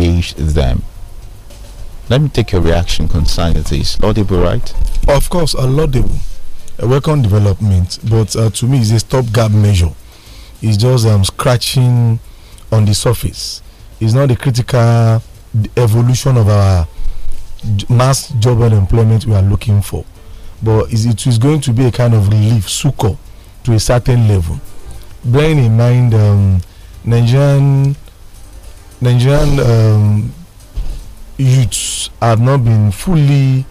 Engage them. Let me take your reaction concerning this. Laudable, right? Of course, a laudable, A welcome development, but uh, to me, it's a stopgap measure. It's just um, scratching on the surface. It's not the critical evolution of our mass job and employment we are looking for. But it is going to be a kind of relief, succor, to a certain level. Bearing in mind, um, Nigerian Nigerian um, youths have not been fully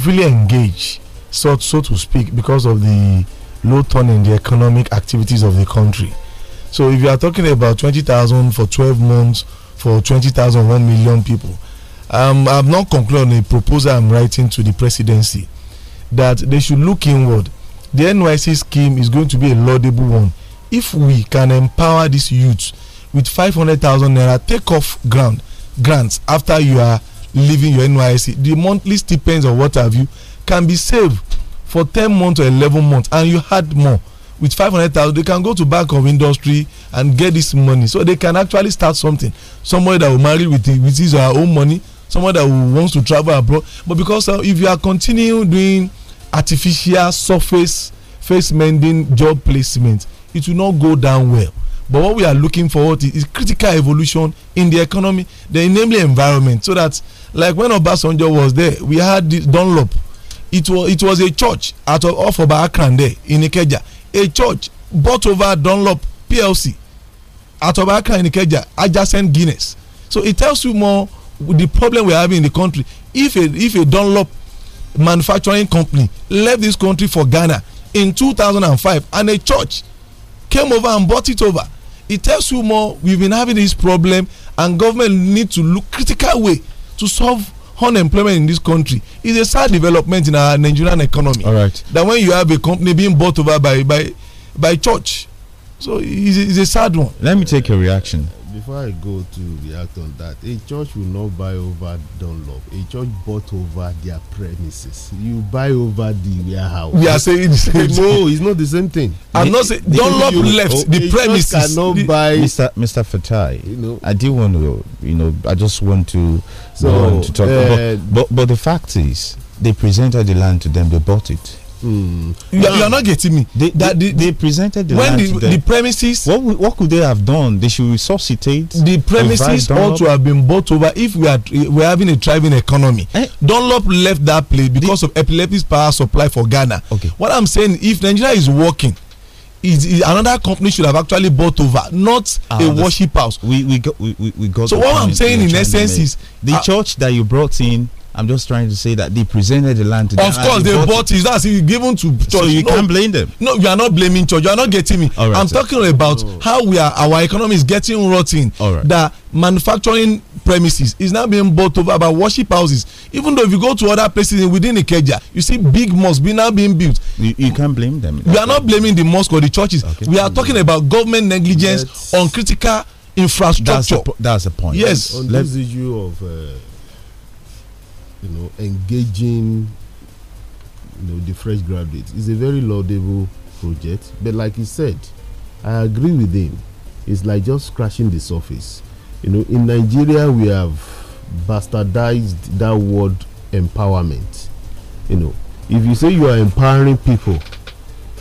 fully engaged, so so to speak, because of the low turn in the economic activities of the country. So if you are talking about twenty thousand for twelve months for 20,000 1 million people. Um, I've not concluded a proposal I'm writing to the presidency that they should look inward. The NYC scheme is going to be a laudable one. If we can empower these youths with 500,000 naira take off ground grants after you are leaving your NYC. The monthly stipends or what have you can be saved for 10 months or 11 months and you had more with 500,000 they can go to bank of industry and get this money so they can actually start something somebody that will marry with, with his or her own money somebody that will, wants to travel abroad but because uh, if you are continuing doing artificial surface face mending job placement it will not go down well but what we are looking for is critical evolution in the economy, the namely environment, so that like when Obasanjo was there, we had this Dunlop. It was it was a church out of off of Akran there in Ikeja, a church bought over Dunlop PLC out of Akran in Ikeja, adjacent Guinness. So it tells you more the problem we are having in the country. If a if a Dunlop manufacturing company left this country for Ghana in 2005 and a church came over and bought it over it tells you more we've been having this problem and government need to look critical way to solve unemployment in this country is a sad development in our nigerian economy all right that when you have a company being bought over by by by church so it's, it's a sad one let me take your reaction before I go to react on that, a church will not buy over Dunlop. A church bought over their premises. You buy over the warehouse. We are saying the same thing. No, it's not the same thing. I'm the, not saying Dunlop you, left oh, the premises. cannot the, buy Mr. Mr. Fatai. You know, I do want to, you know, I just want to, so, want to talk. Uh, about, but but the fact is, they presented the land to them. They bought it Hmm. You, you, are not getting me. They, that they, the, they presented the when the, the, premises. What, what could they have done? They should resuscitate. The premises ought to have been bought over if we are eh, we are having a thriving economy. Eh? Dunlop left that place because the, of epilepsy power supply for Ghana. Okay. What I'm saying, if Nigeria is working. Is, is another company should have actually bought over, not ah, a worship house. We we got we, we got. So what I'm saying in essence is the uh, church that you brought in I'm just trying to say that they presented the land to them. Of course, they, bought, it. That's given to church. So you no, can't blame them. No, you are not blaming church. You are not getting me. I'm sir. talking about oh. how we are. Our economy is getting rotten. All right. That manufacturing premises is now being bought over by worship houses. Even though if you go to other places within Ikeja, you see big mosques being now being built. You, you can't blame them. We are not blaming the mosque or the churches. Okay. We are talking about government negligence Let's on critical infrastructure. That's a, that's a point. Yes. On, on this issue of. Uh, you know, engaging you know, the fresh graduates is a very laudable project. But like he said, I agree with him. It's like just scratching the surface. You know, in Nigeria, we have bastardized that word empowerment. You know, if you say you are empowering people,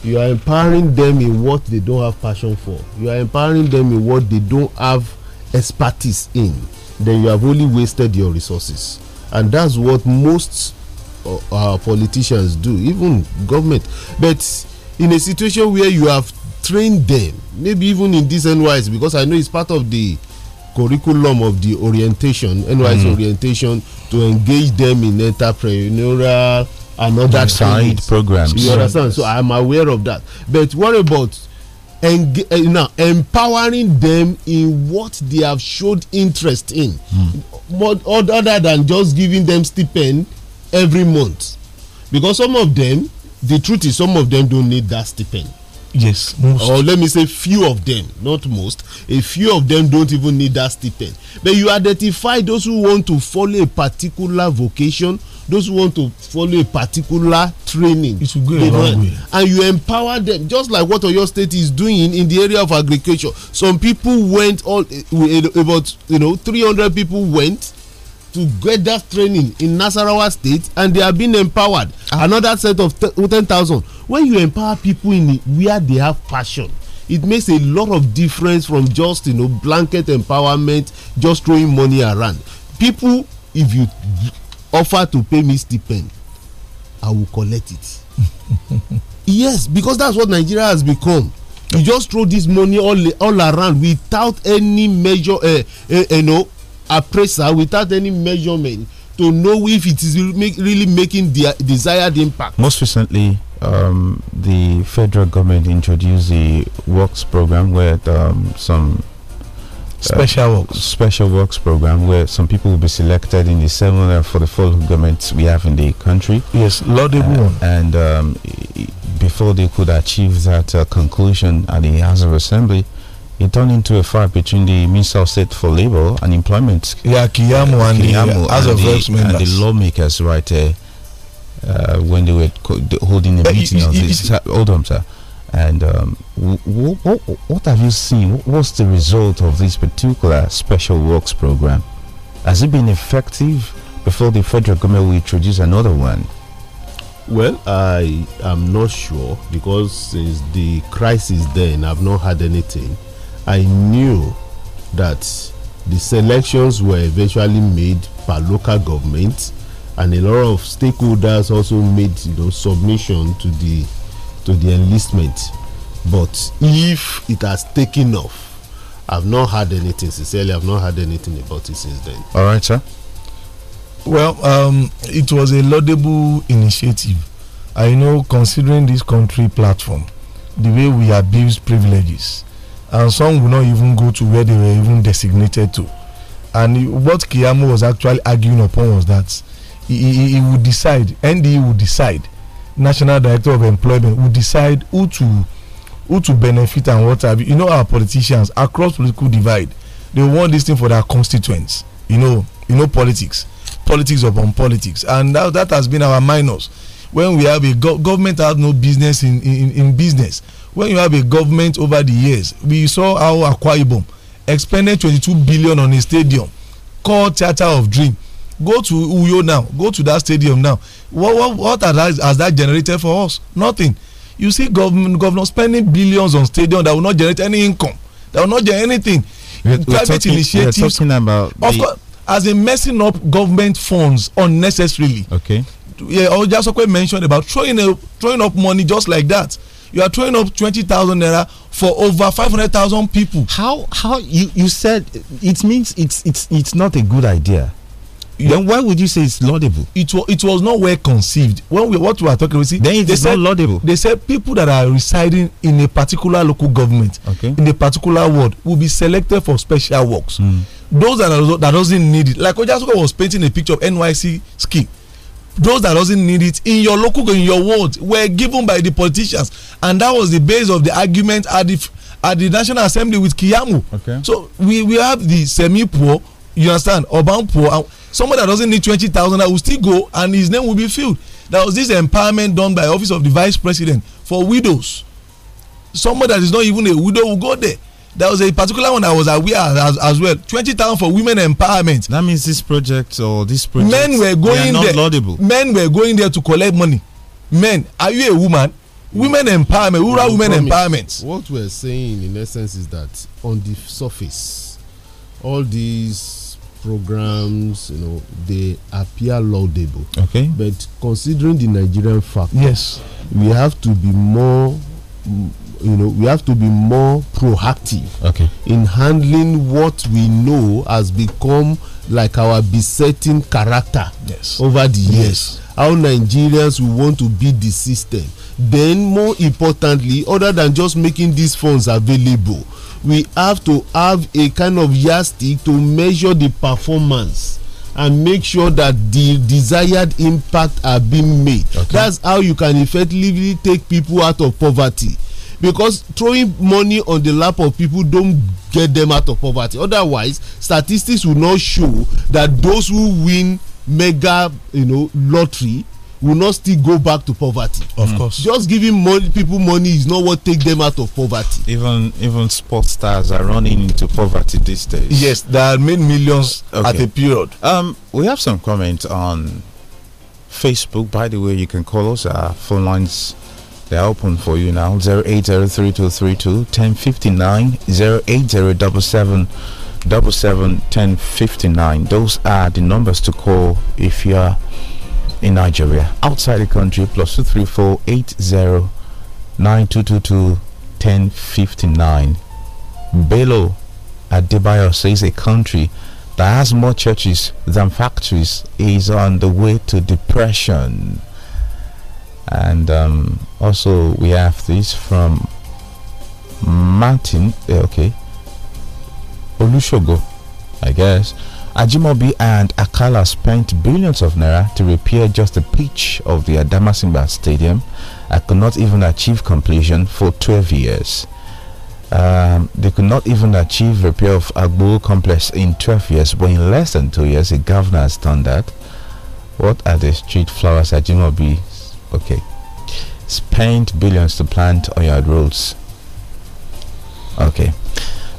you are empowering them in what they don't have passion for. You are empowering them in what they don't have expertise in. Then you have only wasted your resources and that's what most uh, uh, politicians do, even government. But in a situation where you have trained them, maybe even in this NYS, because I know it's part of the curriculum of the orientation, NYS mm. orientation, to engage them in entrepreneurial and other side programs. You understand? So I'm aware of that. But what about and uh, eh, now empowering them in what they have showed interest in mm. other than just giving them stipend every month because some of them the truth is some of them don't need that stipend Yes, most. Or let me say, few of them, not most. A few of them don't even need that stipend. But you identify those who want to follow a particular vocation, those who want to follow a particular training. a way. And you empower them, just like what your state is doing in the area of agriculture. Some people went all eh, eh, about you know 300 people went to get that training in Nasarawa state, and they are being empowered. Ah. Another set of 10,000 when you empower people in where they have passion it makes a lot of difference from just you know blanket empowerment just throwing money around people if you offer to pay me stipend i will collect it yes because that's what nigeria has become you just throw this money all all around without any measure uh, uh, you know appraiser without any measurement to know if it is make, really making the desired impact. Most recently, um, the federal government introduced the works program where um, some uh, special uh, works special works program where some people will be selected in the seven uh, for the full governments we have in the country yes laudable uh, and um, before they could achieve that uh, conclusion at the house of assembly it turned into a fight between the Minister of State for Labour and Employment. Yeah, Kiyamu uh, and, Kiyamu the, of Reps And the lawmakers, right, uh, uh, when they were holding a meeting on this. Hold on, sir. And um, what have you seen? What's the result of this particular special works program? Has it been effective before the federal government will introduce another one? Well, I am not sure because since the crisis then, I've not had anything. I knew that the selections were eventually made by local government and a lot of stakeholders also made you know submission to the to the enlistment but if it has taken off i've not heard anything sincerely i've not heard anything about it since then all right sir well um, it was a laudable initiative i know considering this country platform the way we abuse privileges and some will not even go to where they were even designated to and what Kiyamo was actually arguing upon was that he, he, he would decide NDE would decide national director of employment would decide who to who to benefit and what have you you know our politicians across political divide they want this thing for their constituents you know you know politics politics upon politics and that, that has been our minus when we have a go government has no business in, in in business when you have a government over the years we saw how akwa ibom expended twenty-two billion on a stadium called theatre of dream go to uyo now go to that stadium now what what what has, has that generated for us nothing you see government governor spending billions on stadium that will not generate any income that will not generate anything we're, talking, we're talking about of course as in messing up government funds unnecessarily okay yeah ojasope mentioned about throwing a, throwing up money just like that you are throwing up twenty thousand naira for over five hundred thousand people. how how you you said it means it's it's it's not a good idea. You, then why would you say it's laudable? It was it was not well conceived. When we what we are talking about, see, then they said, not laudable. They said people that are residing in a particular local government, okay. in a particular ward, will be selected for special works. Mm. Those that are, that doesn't need it, like Ojasuka was painting a picture of NYC scheme those that doesn't need it in your local in your world were given by the politicians and that was the base of the argument at the at the national assembly with kiamu okay. so we we have the semi poor you understand urban poor and somebody that doesn't need twenty thousand that will still go and his name will be filled That was this empowerment done by office of the vice president for widows somebody that is not even a widow will go there there was a particular one I was aware as, as well. Twenty thousand for women empowerment. That means this project or this project. Men were going there. Laudable. Men were going there to collect money. Men, are you a woman? Women empowerment, rural women empowerment. What we're saying in essence is that on the surface, all these programs, you know, they appear laudable. Okay. But considering the Nigerian fact, yes, we have to be more you know, we have to be more proactive okay. in handling what we know has become like our besetting character yes. over the years. Yes. How Nigerians we want to beat the system. Then, more importantly, other than just making these funds available, we have to have a kind of yardstick to measure the performance and make sure that the desired impact are being made. Okay. That's how you can effectively take people out of poverty because throwing money on the lap of people don't get them out of poverty otherwise statistics will not show that those who win mega you know lottery will not still go back to poverty. Of mm. course. Just giving money, people money is not what take them out of poverty. Even even sports stars are running into poverty these days. Yes, they are made millions okay. at a period. Um, we have some comments on Facebook. By the way, you can call us. Our phone lines they're open for you now. 08032321059 1059. Those are the numbers to call if you are in Nigeria. Outside the country, plus plus two three four eight zero nine two two two ten fifty nine. 80 9222 1059. Belo Adebayo says a country that has more churches than factories is on the way to depression and um, also we have this from Martin eh, okay Olushogo I guess Ajimobi and Akala spent billions of naira to repair just the pitch of the Adamasimba Stadium I could not even achieve completion for 12 years um, they could not even achieve repair of Agbo complex in 12 years but in less than two years the governor has done that what are the street flowers Ajimobi Okay. Spend billions to plant on your roads. Okay.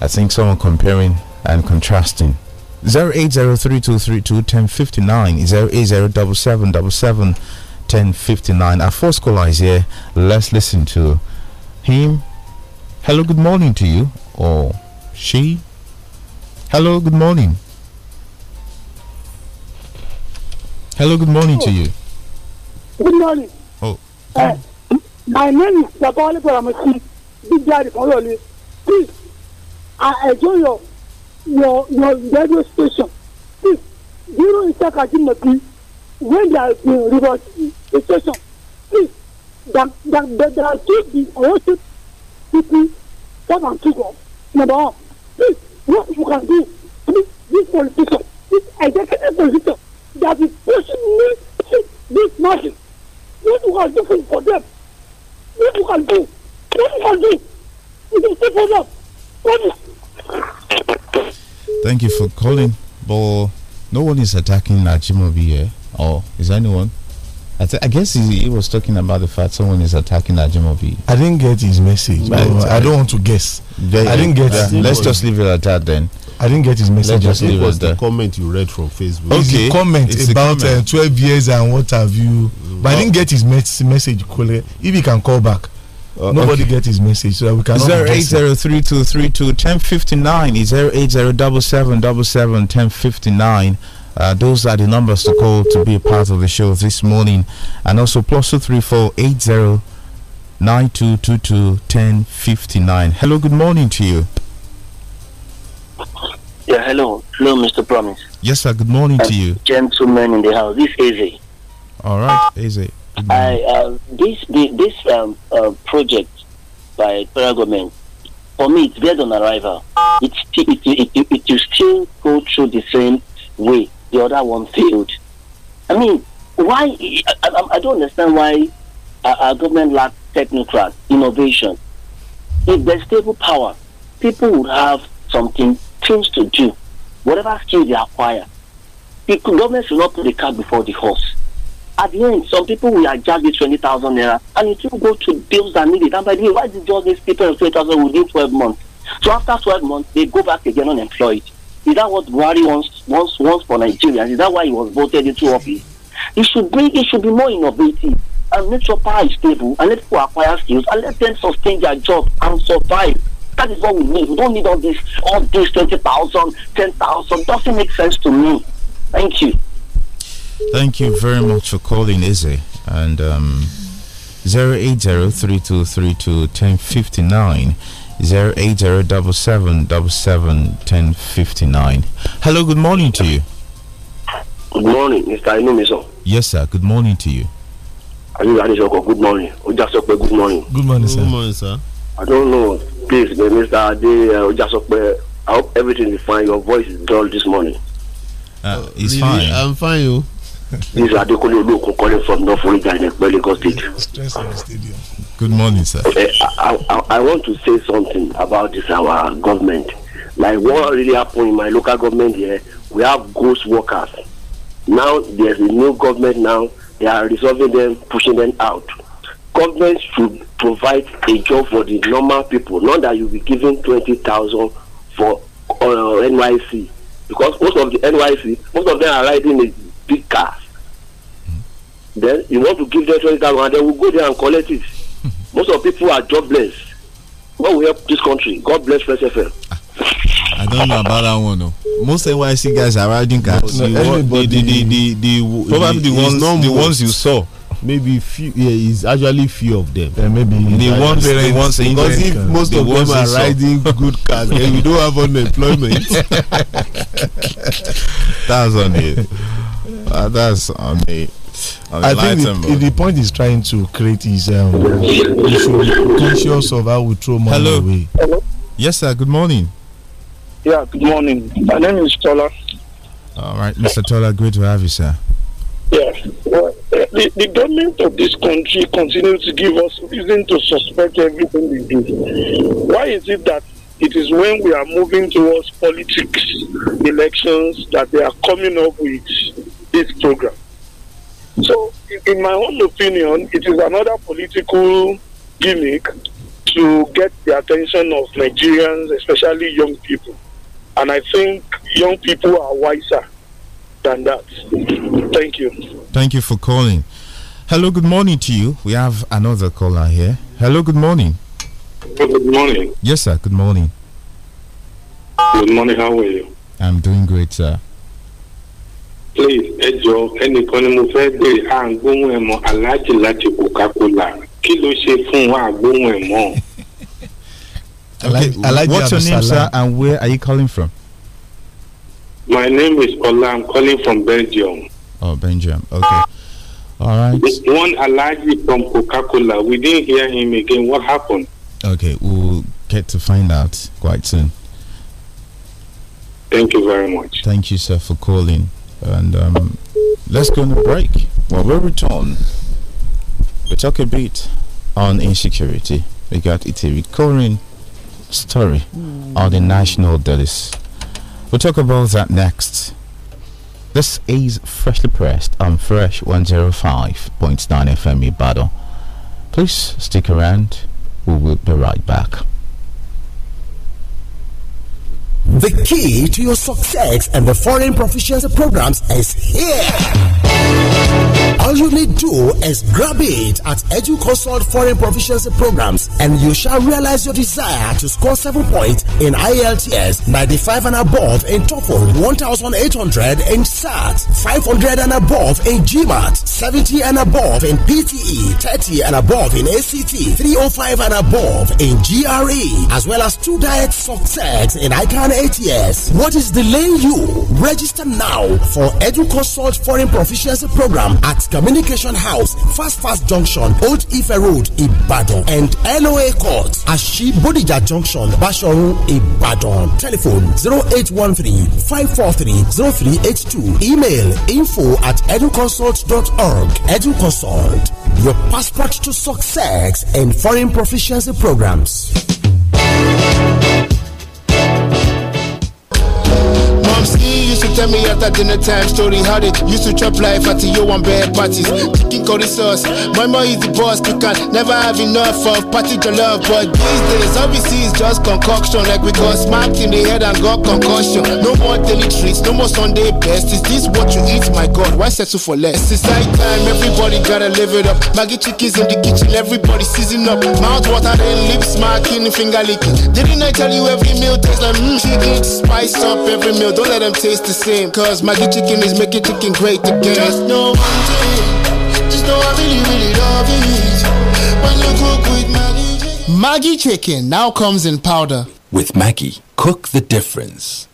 I think someone comparing and contrasting. 08032321059 0807777 1059. Our first caller is here. Let's listen to him. Hello, good morning to you. Or she. Hello, good morning. Hello, good morning to oh. you. Good morning. Eh, my name is Babawale Faramasi, Big Daddy from Please, I enjoy your, your, your radio station. Please, zero insect Ajimobi when they are in reverse the station. Please, that, that, that there are two the arrested people, one and two of number one. Please, what you can do, please, this politician, this executive position that is pushing me, this machine. What you can do for, them? What you can do? What you can do? You can stay for them. What Thank you for calling. But no one is attacking Ajimobi here, or is anyone? I, I, guess he, he, was talking about the fact someone is attacking Ajimobi. I didn't get his message. I, I don't want to guess. I didn't get. let's just leave it at that then. I didn't get his message. let was the comment you read from Facebook. Okay. It's comment it's about uh, comment. Uh, 12 years and what have you. But I didn't get his mes message. If he can call back. Uh, Nobody okay. get his message, so we can. Zero eight zero three two three two ten fifty nine is zero eight zero double seven double seven ten fifty nine. Uh, those are the numbers to call to be a part of the show this morning, and also plus two three four eight zero nine two two two ten fifty nine. Hello, good morning to you. Yeah, hello. Hello, Mr. Promise. Yes, sir. Good morning and to you. Gentlemen in the house. This is Eze. All right, Eze. I, uh, this this, um, uh, project by federal for me, it's dead on arrival. It, it, it, it, it will still go through the same way the other one failed. I mean, why? I, I, I don't understand why our, government lacks technocrats, innovation. If there's stable power, people would have something things to do, whatever skill they acquire. The government should not put the cart before the horse. At the end, some people will adjust the 20,000 naira and it will go to bills that need it. And by the way, why did all these people of 20,000 within 12 months? So after 12 months, they go back again unemployed. Is that what Buhari wants, wants, wants for Nigeria? Is that why he was voted into office? It should be, it should be more innovative and make sure power is stable and let people acquire skills and let them sustain their job and survive that is what we need. We don't need all this, all this 20,000, 10,000. Doesn't make sense to me. Thank you. Thank you very much for calling, Izzy. And um, 80 1059 1059 Hello, good morning to you. Good morning, Mr. Inumiso. Yes, sir. Good morning to you. Are you ready, Good morning. Good morning, sir. Good morning, sir. I don't know Please, Mr. Ade, uh, just up, I hope everything is fine. Your voice is dull this morning. Ah, uh, it's really, fine. I'm fine, you. Oh. this is Adekunle Olokun calling from North Florida in State. Good morning, sir. Okay, eh, I, I, I want to say something about this our government. Like what really happened in my local government here, we have ghost workers. Now there's a new government now. They are resolving them, pushing them out. Government should provide a job for the normal people not that you be giving twenty thousand for uh, nyc because most of the nyc most of them are riding a big cars then you want to give them twenty thousand and they will go there and collect it most of people are jobless God will help this country god bless first fm. I don't know about that one. Though. Most NYC guys are riding cars. No, the, the, the, the, the, probably the ones, the ones you saw maybe few yeah, is actually few of them. Yeah, maybe they want they want because if most of them are riding good cars and we don't have unemployment. that's on it. Uh, that's on me. I think the, the, point he's trying to create is um, we should be conscious of how we throw money Hello. away. Hello. Yes, sir. Good morning. Yeah. Good morning. My name is Tola. All right, Mr. Tola. Great to have you, sir. Yes. Well, Eh, the, the government of this country continues to give us reason to suspect everything we do. Why is it that it is when we are moving towards politics, elections, that they are coming up with this program? So, in my own opinion, it is another political gimmick to get the attention of Nigerians, especially young people. And I think young people are wiser than that. Thank you. Thank you for calling. Hello, good morning to you. We have another caller here. Hello, good morning. Good morning. Yes, sir. Good morning. Good morning. How are you? I'm doing great, sir. Please, ẹ jọ ẹnìkan ni mo fẹ́ béèrè à ń mọ́ aláàjì láti Coca-Cola. Kí ló ṣe fún wa What's your name, sir, and where are you calling from? My name is Ola. I'm calling from Belgium. Oh, Benjamin. Okay. All right. One allergy from Coca Cola. We didn't hear him again. What happened? Okay, we'll get to find out quite soon. Thank you very much. Thank you, sir, for calling. And um, let's go on a break. When we return, we talk a bit on insecurity. We got it's a recurring story hmm. on the national delis. We'll talk about that next. This is Freshly Pressed on Fresh 105.9 FM Battle. Please stick around, we will be right back. The key to your success and the foreign proficiency programs is here. All you need do is grab it at EduConsult Foreign Proficiency Programs and you shall realize your desire to score 7 points in IELTS, 95 and above in TOEFL, 1800 in SAT, 500 and above in GMAT, 70 and above in PTE, 30 and above in ACT, 305 and above in GRE, as well as two direct success in ICANN eight years. What is delaying you? Register now for EduConsult Foreign Proficiency Program at Communication House, Fast Fast Junction, Old Ife Road, Ibadan, and LOA Court, Ashi Bodija Junction, Basharun, Ibadan. Telephone 0813-543-0382. Email info at educonsult.org. EduConsult, your passport to success and foreign proficiency programs. ski Tell me after dinner time, story how they used to trap life at the yo and bad parties. Chicken curry sauce, my mom is the boss, you can never have enough of party to love. But these days, obviously it's just concoction, like we got smacked in the head and got concussion. No more daily treats, no more Sunday best. Is this what you eat? My God, why settle for less? It's night time, everybody gotta live it up. Maggie chickens in the kitchen, everybody season up. Mouth water, and lips smacking, finger licking. Didn't I tell you every meal tastes like mmm? Chicken spice up every meal, don't let them taste the same same. Cause Maggie chicken is making chicken great again. Just know one thing. Just know I really, really love it. When you cook with Maggie chicken. Maggie chicken now comes in powder. With Maggie, cook the difference.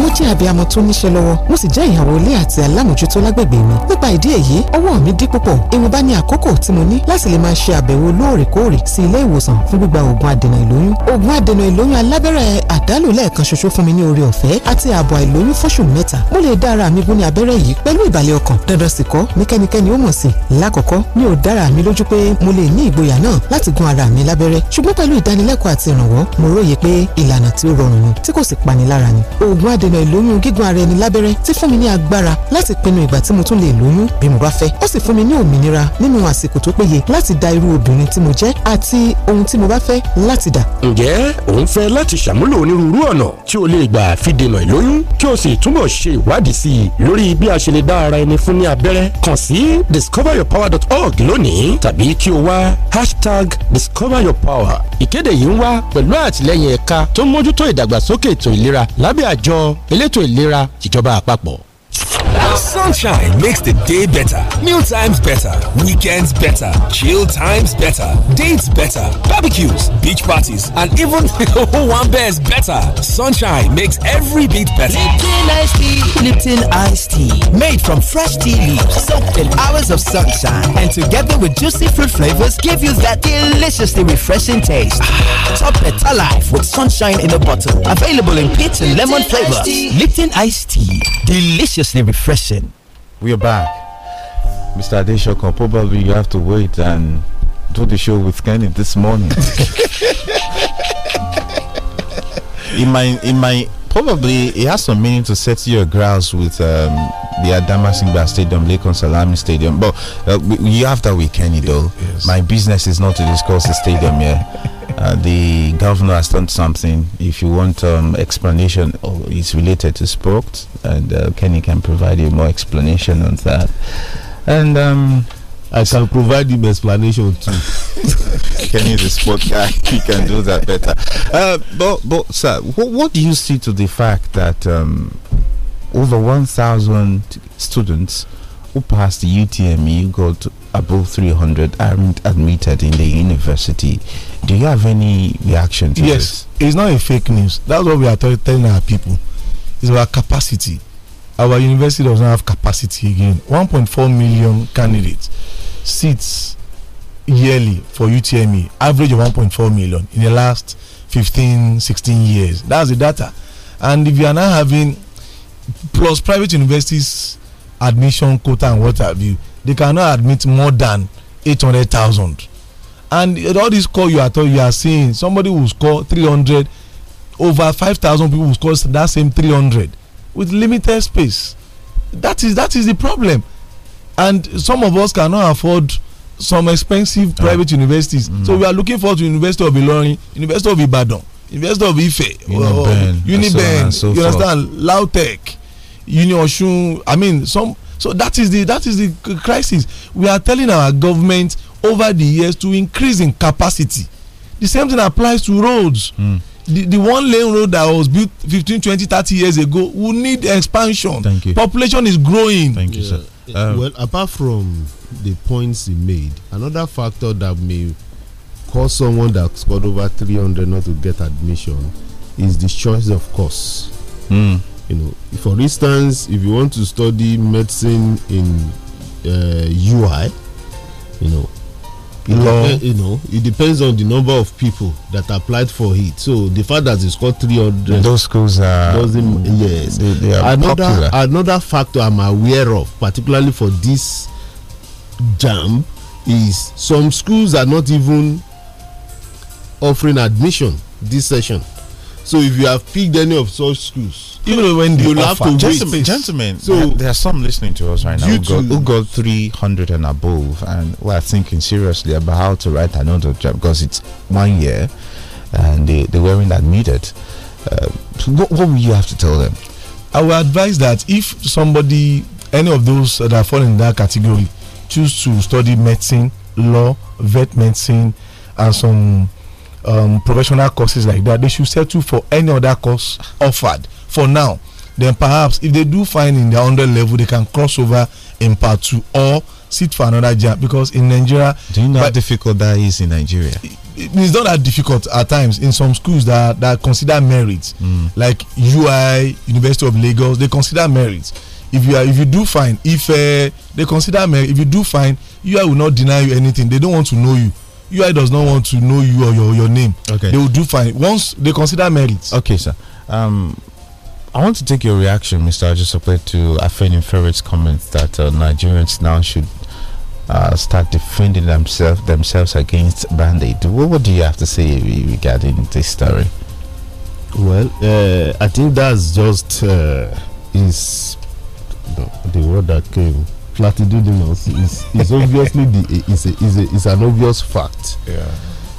mo jẹ́ abiyamọ tó níṣẹ́ lọ́wọ́ mo sì jẹ́ ìyàwó ilé àti alámòjútó lágbègbè mi nípa ìdí èyí ọwọ́ mi dí púpọ̀ ewu bá ní àkókò tí mo ní láti lè máa ṣe àbẹ̀wò lóòrèkóòrè sí ilé ìwòsàn fún gbígba oògùn adènà ìlóyún oògùn adènà ìlóyún alábẹ́rẹ́ àdálò lẹ́ẹ̀kan ṣoṣo fún mi ní oore ọ̀fẹ́ àti ààbò àìlóyún fóṣù mẹ́ta mo lè dá ara mi gún ní abẹ́rẹ́ yìí pẹ̀lú ìbàlẹ̀ ọkàn dandan sì kọ́ ní kẹ́nikẹ́ni ó mọ̀ sí lákọ̀ọ́kọ́ ní ò dára mi lójú pé mo lè ní ìgboyà náà láti gún ara mi lábẹ́rẹ́ ṣùgbọ́n pẹ̀lú ìdánilẹ́kọ̀ọ́ àti ìrànwọ́ mo róye pé ìlànà tí ó rọrùn ni tí kò sì pani lára ni oògùn ṣùgbọ́n adènà ìlóyún gígùn ara ẹni lábẹ́rẹ́ ti fún mi ní agbára láti pinnu ìgbà tí mo tún lè lóyún bí mo bá fẹ́ ó sì fún mi ní òmìnira nínú àsìkò tó péye láti da irú obìnrin tí mo jẹ́ àti ohun tí mo bá fẹ́ láti dà. ǹjẹ́ òun fẹ́ láti ṣàmúlò onírúurú ọ̀nà tí o lè gbà fi dènà ìlóyún kí o sì túbọ̀ ṣe ìwádìí sí i lórí bí a ṣe lè dá ara ẹni fún ní abẹ́rẹ́ kàn sí discoveryourpower.org lónìí tàbí kí o wá hashtag discoveryourpower ìkéde yìí ń wá pẹ̀lú àtìlẹ́yìn ẹ̀ka tó mójútó ìdàgbàsókè ètò ìlera lábẹ́ àjọ lọ́wọ́ elétò ìlera ìjọba àpapọ̀. Sunshine makes the day better, meal times better, weekends better, chill times better, dates better, barbecues, beach parties, and even one bears better. Sunshine makes every bit better. Lipton iced tea, Lipton iced tea, made from fresh tea leaves, soaked in hours of sunshine, and together with juicy fruit flavors, give you that deliciously refreshing taste. Top it alive with sunshine in a bottle, available in peach and lemon flavors. Lipton iced tea, deliciously refreshing. We are back. Mr. Adeshoko, probably you have to wait and do the show with Kenny this morning. in my in my probably it has some meaning to set your grounds with um, the Adama Singba Stadium, Lakon Salami Stadium. But uh, we, have that with Kenny though. Yes. My business is not to discuss the stadium here. Uh, the governor has done something. If you want um, explanation, oh, it's related to sport, and uh, Kenny can provide you more explanation on that. And um, I can provide him explanation too. Kenny is a sport guy; he can do that better. Uh, but, but, sir, what, what, do you see to the fact that um, over 1,000 students who passed the UTME got above 300 aren't admitted in the university? Do you have any reaction to yes, this? it's not a fake news. That's what we are telling our people. It's about capacity. Our university does not have capacity again. 1.4 million candidates, seats yearly for UTME, average of 1.4 million in the last 15, 16 years. That's the data. And if you are now having plus private universities admission quota and what have you, they cannot admit more than 800,000 and all this call you are talking you are seeing somebody will score three hundred over five thousand people will score that same three hundred with limited space that is that is the problem and some of us cannot afford some expensive private universities mm. so we are looking forward to university of ilorin university of ibadan university of ife uniben uh, uniben so you understand lautech uniosun i mean some so that is the that is the crisis we are telling our government over the years to increase in capacity the same thing applies to roads mm. the, the one lane road that was built 15 20 30 years ago will need expansion thank you population is growing thank you yeah. sir um, well apart from the points he made another factor that may cause someone that scored over 300 not to get admission is the choice of course mm. you know for instance if you want to study medicine in uh, ui you know law. Depends, eh, you know, it depends on the number of people that applied for it. So the fact that it's got 300. Those schools are. yes. They, they are another, popular. another factor I'm aware of, particularly for this jam, is some schools are not even offering admission this session. So if you have picked any of such schools, know, when you will have to gentlemen, wait. gentlemen. So there are some listening to us right now who got, who got, 300 and above, and we are thinking seriously about how to write another job because it's one year, and they they weren't admitted. Uh, so what what will you have to tell them? I would advise that if somebody, any of those that are fall in that category, choose to study medicine, law, vet medicine, and some um, professional courses like that, they should settle for any other course offered for now. Then perhaps if they do find in the under level, they can cross over in part two or sit for another job because in Nigeria. Do you know how difficult that is in Nigeria? it's not that difficult at times in some schools that that consider merit, mm. like UI University of Lagos, they consider merit. If you are, if you do fine, if uh, they consider merit, if you do fine, UI will not deny you anything. They don't want to know you UI does not want to know you or your, your name. Okay. They will do fine once they consider merits. Okay, sir. Um, I want to take your reaction, Mr. Ajisople, to Afeni Ferret's comments that uh, Nigerians now should uh, start defending themselves themselves against bandit. What, what do you have to say regarding this story? Well, uh, I think that's just uh, is the word that came platitudinous is, is obviously the is a, is, a, is an obvious fact. Yeah.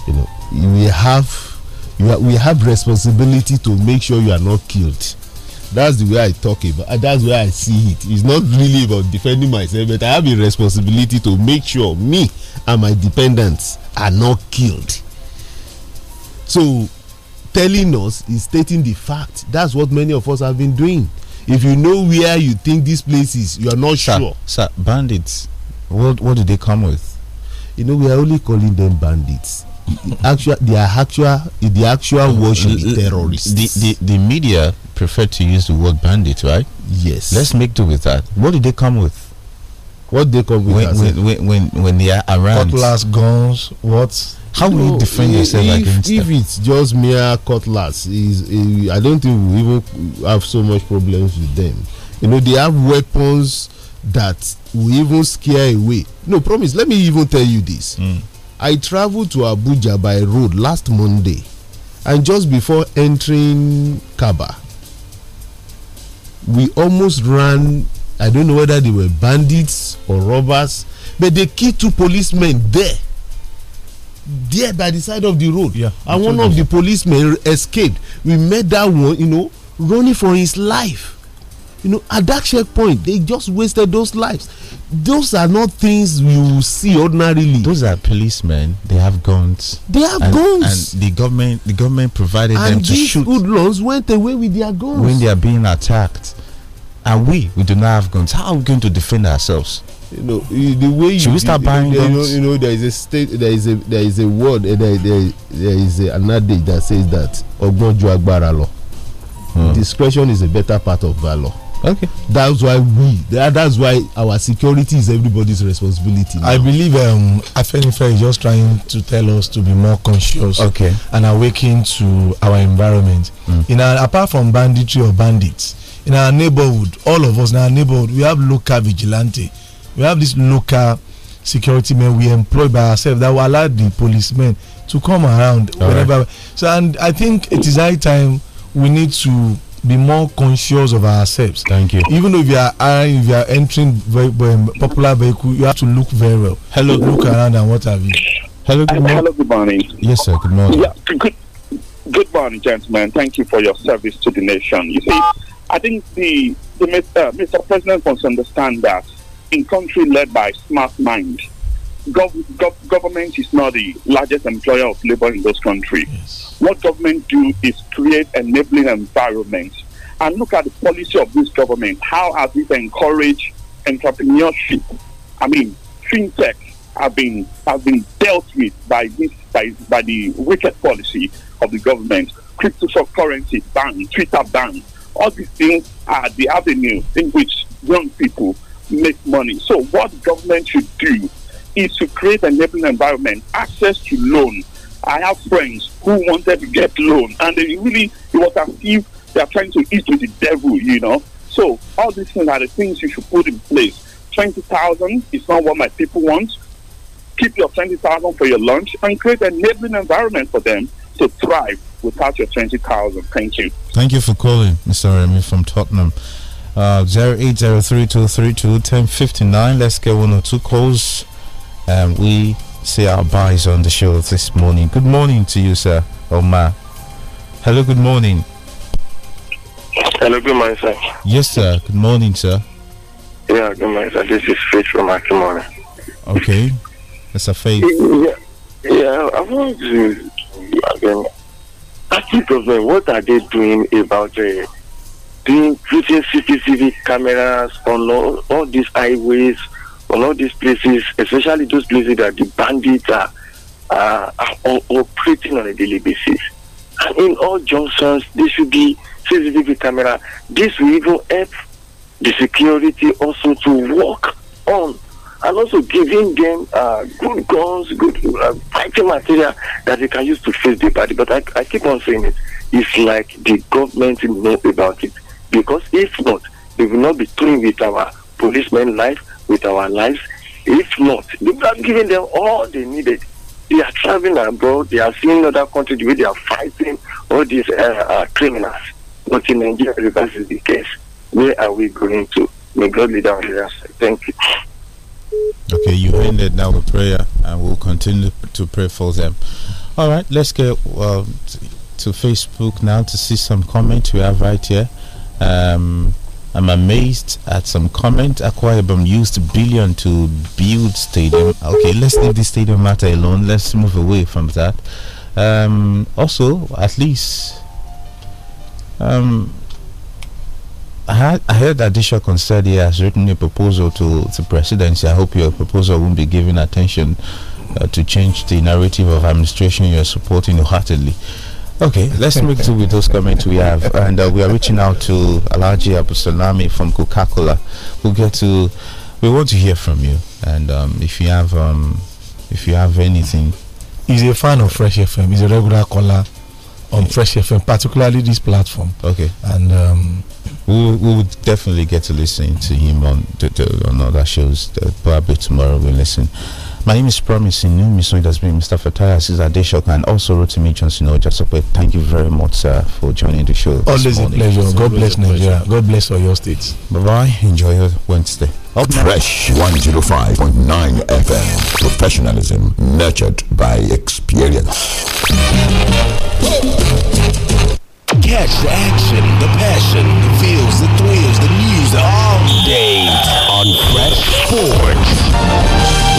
You know, we have have, we have responsibility to make sure you are not killed. That's the way I talk about. And uh, that's where I see it. It's not really about defending myself, but I have a responsibility to make sure me and my dependents are not killed. So, telling us is stating the fact. That's what many of us have been doing if you know where you think this place is you are not sir, sure sir bandits what what do they come with you know we are only calling them bandits actual they are actual the actual word should be terrorists the, the the media prefer to use the word bandit right yes let's make do with that what do they come with what they come with when, when, when, when, when they are around cutlass guns what how will you defend yourself if, against If it's just mere cutlass, is, I don't think we even have so much problems with them. You know, they have weapons that will even scare away. No, promise, let me even tell you this. Mm. I traveled to Abuja by road last Monday, and just before entering Kaba, we almost ran. I don't know whether they were bandits or robbers, but they killed two policemen there there by the side of the road yeah, and one of the policemen escaped we met that one you know running for his life you know at that checkpoint they just wasted those lives those are not things you see ordinarily those are policemen they have guns they have and, guns and the government the government provided and them to shoot hoodlums went away with their guns when they are being attacked and we we do not have guns how are we going to defend ourselves you know the way you, you start buying you know, you know, there is a state there is a there is a word eh, there there, there is a, an adage that says that ogbonju agbara lo hmm. discretion is a better part of valor okay that's why we that, that's why our security is everybody's responsibility now. i believe um afenifere is just trying to tell us to be more conscious okay and awaken to our environment mm. in our apart from banditry or bandits in our neighborhood all of us in our neighborhood we have local vigilante we have this local security men we employ by ourselves that will allow the policemen to come around All whenever. Right. So, and I think it is high time we need to be more conscious of ourselves. Thank you. Even if you are if you are entering very, very um, popular vehicle, you have to look very well. Hello, look around and what have you. Hello, good morning. Hello, good morning. Yes, sir. Good morning. Yeah, good, good morning, gentlemen. Thank you for your service to the nation. You see, I think the, the uh, Mr. President must understand that in country led by smart minds. Gov- gov- government is not the largest employer of labor in those countries. Yes. What government do is create enabling environments. And look at the policy of this government. How has it encouraged entrepreneurship? I mean, fintech have been have been dealt with by this by, by the wicked policy of the government. Cryptocurrency ban, Twitter ban, all these things are the avenue in which young people make money. So what government should do is to create an enabling environment, access to loan. I have friends who wanted to get loan, and they really it was as if they are trying to eat with the devil, you know. So all these things are the things you should put in place. Twenty thousand is not what my people want. Keep your twenty thousand for your lunch and create an enabling environment for them to thrive without your twenty thousand. Thank you. Thank you for calling, Mr. Remy from Tottenham uh, let Let's get one or two calls. And we see our buys on the show this morning. Good morning to you, sir Omar. Hello, good morning. Hello, good morning, sir. Yes, sir. Good morning, sir. Yeah, good morning, sir. This is Faith from Akimona. Okay. a Faith. Yeah, yeah I want to, again, ask the government what are they doing about the uh, being putting CCTV cameras on all, all these highways, on all these places, especially those places that the bandits are, are operating on a daily basis. And in all junctions, there should be CCTV camera. This will even help the security also to work on and also giving them uh, good guns, good uh, fighting material that they can use to face the body. But I, I keep on saying it. It's like the government know about it. Because if not, they will not be toying with our policemen life, with our lives. If not, we would have given them all they needed. They are traveling abroad, they are seeing other countries where they are fighting all these uh, uh, criminals. But in Nigeria, reverse is the case. Where are we going to? May God lead our leaders. Thank you. Okay, you ended now the prayer, and we'll continue to pray for them. All right, let's get um, to Facebook now to see some comments we have right here. Um, I'm amazed at some comment. Akwa used billion to build stadium. Okay, let's leave the stadium matter alone. Let's move away from that. Um, also, at least, um, I, I heard that Disha Concerti has written a proposal to the presidency. I hope your proposal won't be given attention uh, to change the narrative of administration you're supporting wholeheartedly. Okay, let's make to with those comments we have. And uh, we are reaching out to Alaji Abusalami from Coca Cola. We'll get to, we want to hear from you. And um, if you have, um, if you have anything. He's a fan of Fresh FM, he's a regular caller on Fresh FM, particularly this platform. Okay. And um, we'll, we'll, definitely get to listen to him on, on other shows, uh, probably tomorrow we'll listen. My name is Promise New so it has been Mr. Fataya Cesar Deshok and also to Rotimi Johnson Ojasope. Thank you very much, sir, for joining the show. Always morning. a pleasure. God, bless Nigeria. God bless all your states. Bye bye. Enjoy your Wednesday. Up Fresh 105.9 FM. Professionalism nurtured by experience. Catch the action, the passion, the feels, the thrills, the news all day on Fresh Sports.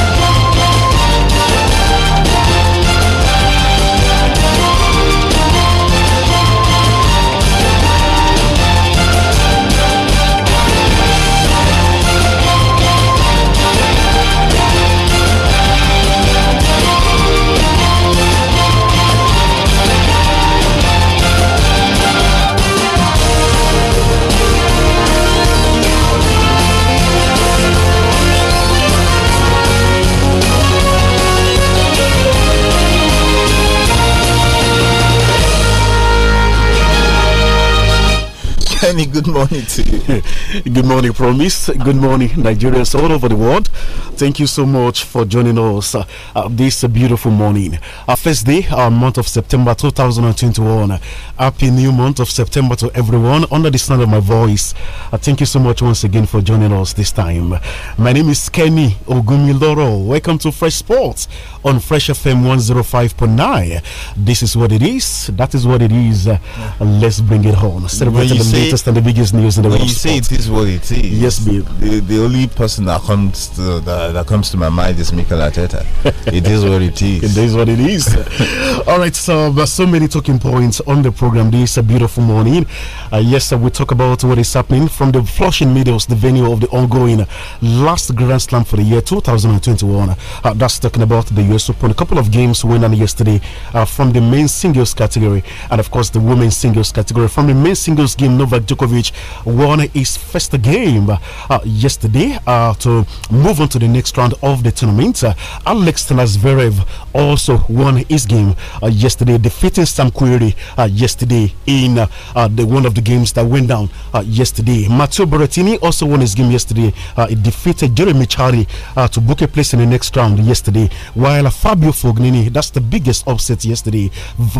Kenny, good morning to you. good morning, Promise. Good morning, Nigerians all over the world. Thank you so much for joining us uh, uh, this beautiful morning. Our first day, our month of September 2021. Happy new month of September to everyone under the sound of my voice. Uh, thank you so much once again for joining us this time. My name is Kenny Ogumiloro. Welcome to Fresh Sports on Fresh FM 105.9. This is what it is. That is what it is. Uh, let's bring it home. Celebrate the latest understand the biggest news in the world. You say it is what it is. Yes, babe. The, the only person that comes to that, that comes to my mind is Mikel Arteta. it is what it is. It is what it is. All right, so there's so many talking points on the program. This is a beautiful morning. Uh, yes, we talk about what is happening from the Flushing Meadows, the venue of the ongoing last Grand Slam for the year 2021. Uh, that's talking about the US Open. A couple of games went on yesterday uh, from the main singles category and of course the women's singles category. From the main singles game, Novak Djokovic won his first game uh, yesterday uh, to move on to the next round of the tournament. Uh, Alex Zverev also won his game uh, yesterday, defeating Sam Querrey uh, yesterday in uh, the one of the games that went down yesterday. Matteo Berrettini also won his game yesterday. he defeated Jeremy Chari to book a place in the next round yesterday. While Fabio Fognini, that's the biggest upset yesterday.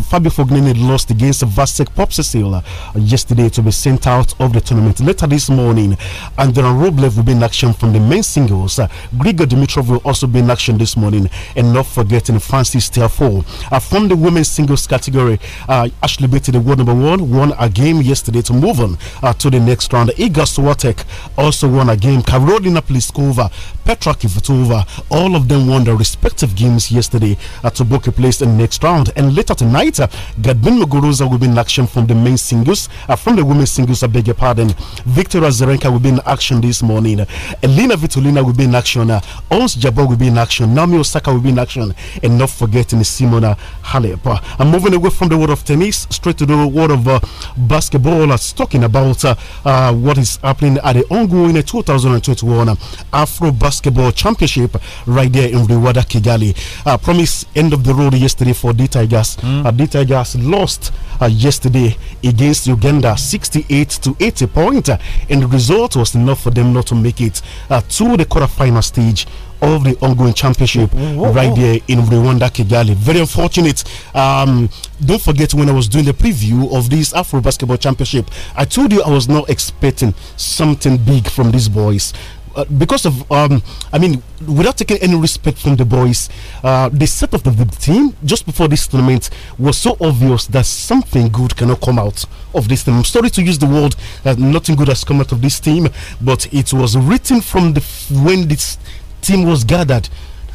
Fabio Fognini lost against Vasek Popsisil yesterday to be sent went out of the tournament later this morning. And Roblev Rublev will be in action from the men's singles. Uh, Grigor Dimitrov will also be in action this morning. And not forgetting Francis Tiafoe. Uh, from the women's singles category, uh, Ashley Betty, the world number one, won a game yesterday to move on uh, to the next round. Igor Swatek also won a game. Karolina Pliskova, Petra Kvitova, all of them won their respective games yesterday uh, to book a place in the next round. And later tonight, uh, Gadbin Muguruza will be in action from the men's singles, uh, from the women's singles. I beg your pardon. Victoria Zarenka will be in action this morning. Elena Vitolina will be in action. Ons Jabor will be in action. Naomi Osaka will be in action. And not forgetting Simona Halep. I'm moving away from the world of tennis straight to the world of uh, basketball. Uh, talking about uh, what is happening at the ongoing 2021 Afro Basketball Championship right there in Rwanda, Kigali. Uh, promise end of the road yesterday for D Tigers. Mm. D uh, Tigers lost uh, yesterday against Uganda 68 to 80 points, and the result was enough for them not to make it uh, to the quarterfinal stage of the ongoing championship whoa, right whoa. there in Rwanda, Kigali. Very unfortunate. Um, don't forget when I was doing the preview of this Afro Basketball Championship, I told you I was not expecting something big from these boys uh, because of um, I mean, without taking any respect from the boys, uh, the setup of the team just before this tournament was so obvious that something good cannot come out of this team. I'm sorry to use the word that nothing good has come out of this team, but it was written from the when this team was gathered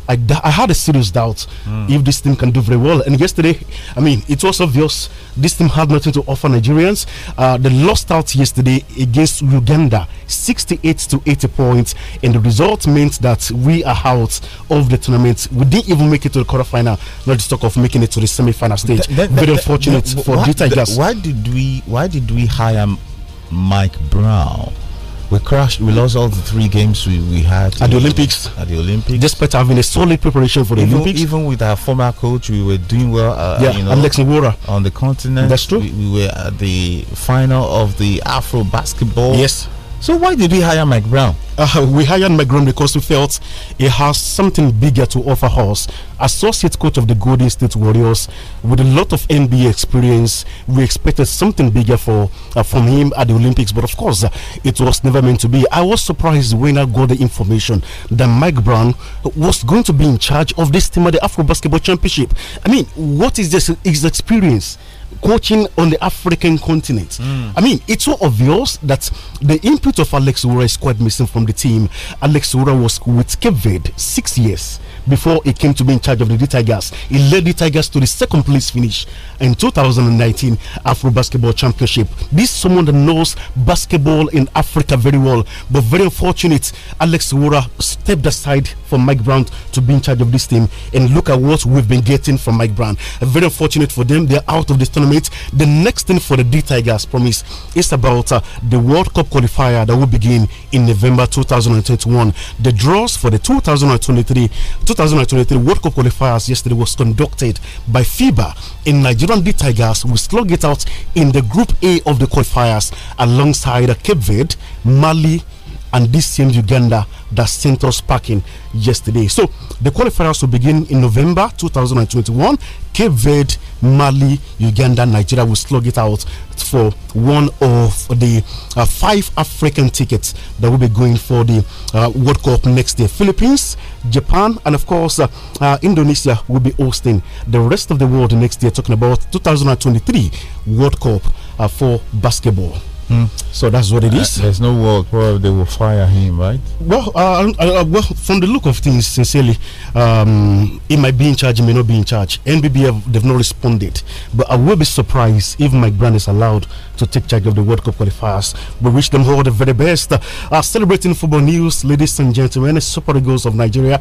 I, I had a serious doubt mm. if this team can do very well. And yesterday, I mean, it was obvious this team had nothing to offer Nigerians. Uh, they lost out yesterday against Uganda, 68 to 80 points, and the result meant that we are out of the tournament. We didn't even make it to the quarterfinal. Not to talk of making it to the semi-final stage. very unfortunate for the Why did we? Why did we hire Mike Brown? we crashed. We lost all the three games we, we had at the Olympics. At the Olympics, despite having a solid preparation for the even, Olympics, even with our former coach, we were doing well. Uh, yeah, you know, Alex Iwora on the continent. That's true. We, we, were at the final of the Afro basketball. Yes. So why did we hire Mike Brown? Uh, we hired Mike Brown because we felt he has something bigger to offer us. Associate coach of the Golden State Warriors with a lot of NBA experience, we expected something bigger for uh, from him at the Olympics. But of course, uh, it was never meant to be. I was surprised when I got the information that Mike Brown was going to be in charge of this team at the Afro Basketball Championship. I mean, what is this? His experience? coaching on the African continent. Mm. I mean, it's so obvious that the input of Alex Ura is quite missing from the team. Alex Ura was with Cape six years before he came to be in charge of the D Tigers. He led the Tigers to the second place finish in 2019 Afro Basketball Championship. This is someone that knows basketball in Africa very well, but very unfortunate. Alex Wura stepped aside for Mike Brown to be in charge of this team, and look at what we've been getting from Mike Brown. Very unfortunate for them, they're out of this tournament. The next thing for the D Tigers, promise, is about uh, the World Cup qualifier that will begin in November 2021. The draws for the 2023 2023 World Cup qualifiers yesterday was conducted by FIBA, and Nigerian B Tigers will slug it out in the Group A of the qualifiers alongside Cape Verde, Mali and this same Uganda that sent us packing yesterday. So the qualifiers will begin in November 2021. Cape Verde, Mali, Uganda, Nigeria will slug it out for one of the uh, five African tickets that will be going for the uh, World Cup next year. Philippines, Japan, and of course, uh, uh Indonesia will be hosting the rest of the world next year, talking about 2023 World Cup uh, for basketball. Mm. So that's what it uh, is. Uh, there's no world probably they will fire him, right? Well, uh, uh, uh, well, from the look of things, sincerely, um, he might be in charge, he may not be in charge. NBBF, they've not responded. But I will be surprised if Mike Brand is allowed to take charge of the World Cup qualifiers. We wish them all the very best. Uh, celebrating football news, ladies and gentlemen, Super Eagles of Nigeria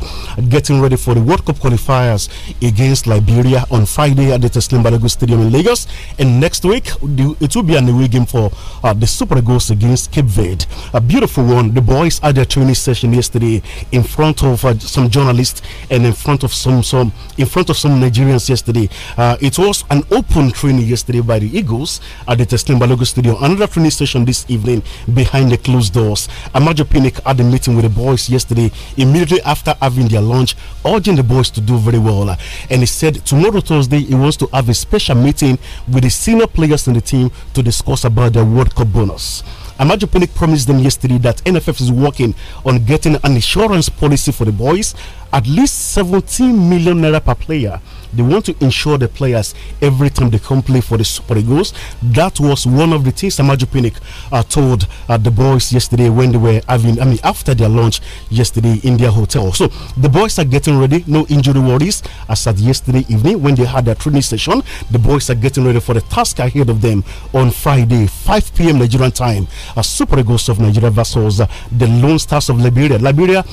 getting ready for the World Cup qualifiers against Liberia on Friday at the Teslim Balogu Stadium in Lagos. And next week, it will be an away game for uh, the Super Eagles against Cape Verde. A beautiful one. The boys had their training session yesterday in front of uh, some journalists and in front of some some in front of some Nigerians yesterday. Uh, it was an open training yesterday by the Eagles at the Teslim Balogo Studio. Another training session this evening behind the closed doors. Amajo Pinnick had a meeting with the boys yesterday immediately after having their lunch, urging the boys to do very well. And he said tomorrow Thursday he wants to have a special meeting with the senior players in the team to discuss about the World Cup a bonus. Amajopunik promised them yesterday that NFF is working on getting an insurance policy for the boys, at least 17 million naira per player they want to ensure the players every time they come play for the Super Eagles. That was one of the things Amaju Pinnick uh, told uh, the boys yesterday when they were having, I mean, after their lunch yesterday in their hotel. So the boys are getting ready. No injury worries. As at yesterday evening when they had their training session, the boys are getting ready for the task ahead of them on Friday, 5 p.m. Nigerian time. A Super Eagles of Nigeria versus uh, the Lone Stars of Liberia. Liberia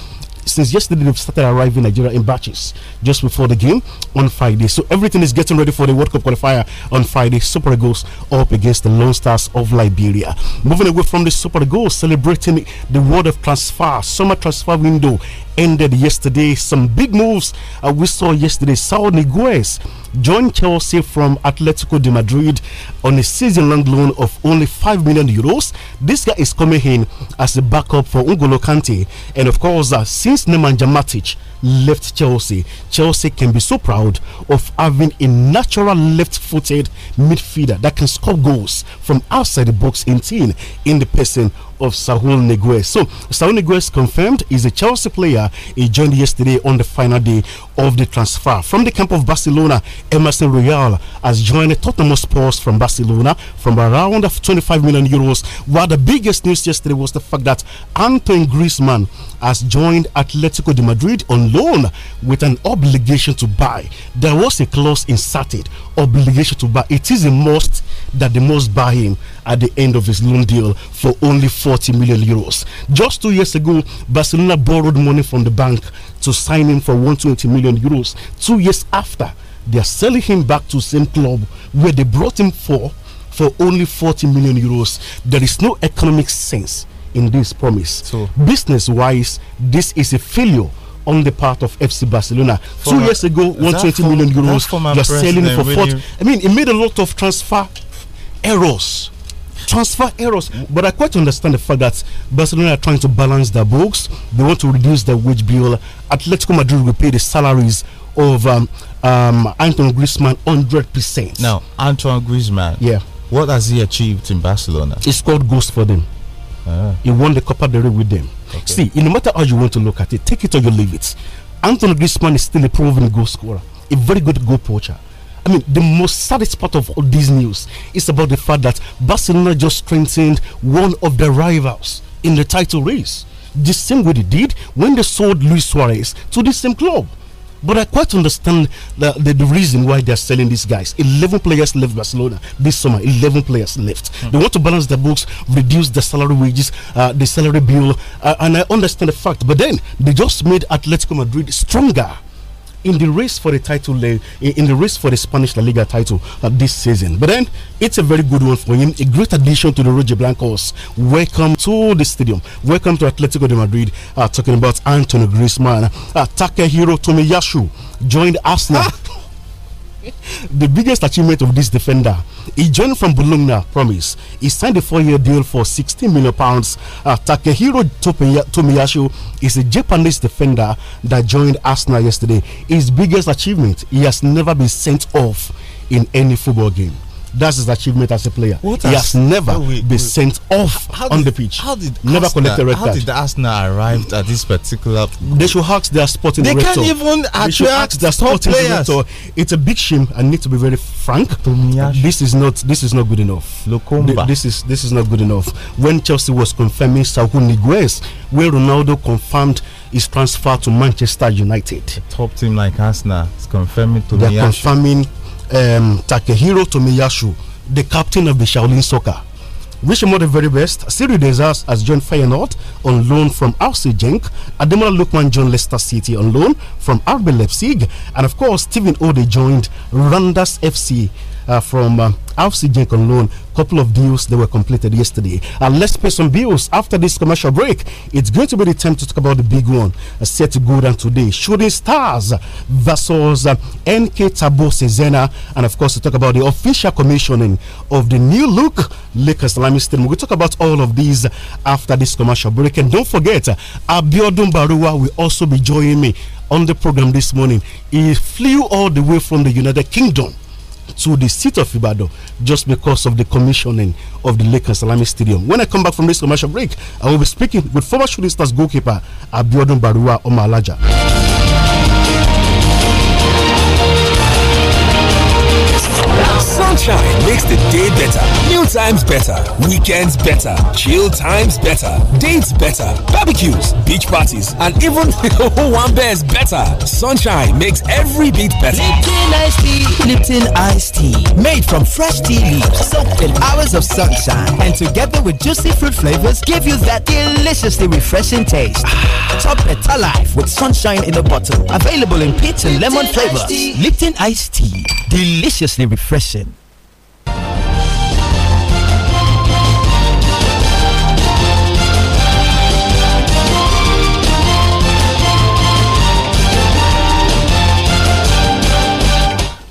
since yesterday they've started arriving Nigeria in batches just before the game on Friday. So everything is getting ready for the World Cup qualifier on Friday. Super Eagles up against the Lone Stars of Liberia. Moving away from the Super Eagles, celebrating the world of transfer summer transfer window ended yesterday. Some big moves uh, we saw yesterday. Saul Niguez joined Chelsea from Atletico de Madrid on a season long loan of only 5 million euros. This guy is coming in as a backup for Ungolo Kante. And of course, uh, against Nemanja Matic left Chelsea. Chelsea can be so proud of having a natural left footed midfielder that can score goals from outside the box in team, in the person of Sahul Negue. So, Sahul is confirmed is a Chelsea player. He joined yesterday on the final day of the transfer. From the camp of Barcelona, Emerson Royal has joined Tottenham Sports from Barcelona from around 25 million euros. While the biggest news yesterday was the fact that Antoine Griezmann has joined Atletico de Madrid on loan with an obligation to buy. There was a clause inserted, obligation to buy. It is a must that they must buy him at the end of his loan deal for only 40 million euros. Just two years ago, Barcelona borrowed money from the bank to sign him for 120 million euros. Two years after, they are selling him back to the same club where they brought him for for only 40 million euros. There is no economic sense in this promise. So, business wise, this is a failure on the part of FC Barcelona. For Two years ago, 120 million euros. You're selling it for really? I mean, it made a lot of transfer errors transfer errors. But I quite understand the fact that Barcelona are trying to balance their books. They want to reduce their wage bill. Atletico Madrid will pay the salaries of um, um, Antoine Griezmann 100%. Now, Antoine Griezmann, yeah. what has he achieved in Barcelona? He scored goals for them. He won the Copa del Rey with them. Okay. See, no matter how you want to look at it, take it or you leave it. Anthony Griezmann is still a proven goal scorer, a very good goal poacher. I mean, the most saddest part of all this news is about the fact that Barcelona just strengthened one of their rivals in the title race. The same way they did when they sold Luis Suarez to the same club. But I quite understand the, the, the, reason why they are selling these guys. 11 players left Barcelona this summer. 11 players left. Mm -hmm. They want to balance the books, reduce the salary wages, uh, the salary bill. Uh, and I understand the fact. But then they just made Atletico Madrid stronger in the race for the title, in the race for the Spanish La Liga title uh, this season. But then it's a very good one for him, a great addition to the Roger Blancos. Welcome to the stadium. Welcome to Atletico de Madrid. Uh, talking about Antonio Griezmann, uh, Takehiro Tomiyasu joined Arsenal. Ah! the biggest achievement of this defender, he joined from Bologna, promise. He signed a four-year deal for 16 million pounds. Uh, Takehiro Tomiyasu is a Japanese defender that joined Arsenal yesterday. His biggest achievement, he has never been sent off in any football game. That's his achievement as a player. What he has, has never been sent off on did, the pitch. How did never Asna, collected red card. How did Arsenal arrive at this particular? They should ask their sporting they director. They can't even they should ask their sporting players. director. It's a big shame. I need to be very frank. This is not this is not good enough. Lokomba. This is this is not good enough. When Chelsea was confirming Saúl Niguez, where Ronaldo confirmed his transfer to Manchester United. A top team like Arsenal is confirming to. They're confirming um, Takehiro Tomiyasu, the captain of the Shaolin Soccer. Wish him all the very best. Siri Desas has joined Feyenoord on loan from RC Genk. Ademola Lukman joined Leicester City on loan from RB Leipzig. And of course, Stephen Ode joined Randers FC uh, from uh, um, FC loan. Couple of deals that were completed yesterday. And uh, let's pay some bills after this commercial break. It's going to be the time to talk about the big one uh, set to go down today. Shooting Stars versus uh, um, NK Tabo Sezena. and of course to talk about the official commissioning of the new look Lakers Lamy Stadium. We'll talk about all of these after this commercial break. And don't forget, uh, Abiodun Barua will also be joining me on the program this morning. He flew all the way from the United Kingdom to the seat of Ibadan just because of the commissioning of the Lake and Salami Stadium. When I come back from this commercial break, I will be speaking with former shooting stars goalkeeper Abiodun Barua Omalaja. Sunshine makes the day better. New times better. Weekends better. Chill times better. Dates better. Barbecues, beach parties, and even one bears better. Sunshine makes every beat better. Lipton iced tea. Lipton iced tea. Made from fresh tea leaves soaked in hours of sunshine. And together with juicy fruit flavors, give you that deliciously refreshing taste. Top better life with sunshine in a bottle. Available in peach and lemon flavors. Lipton iced tea. Deliciously refreshing.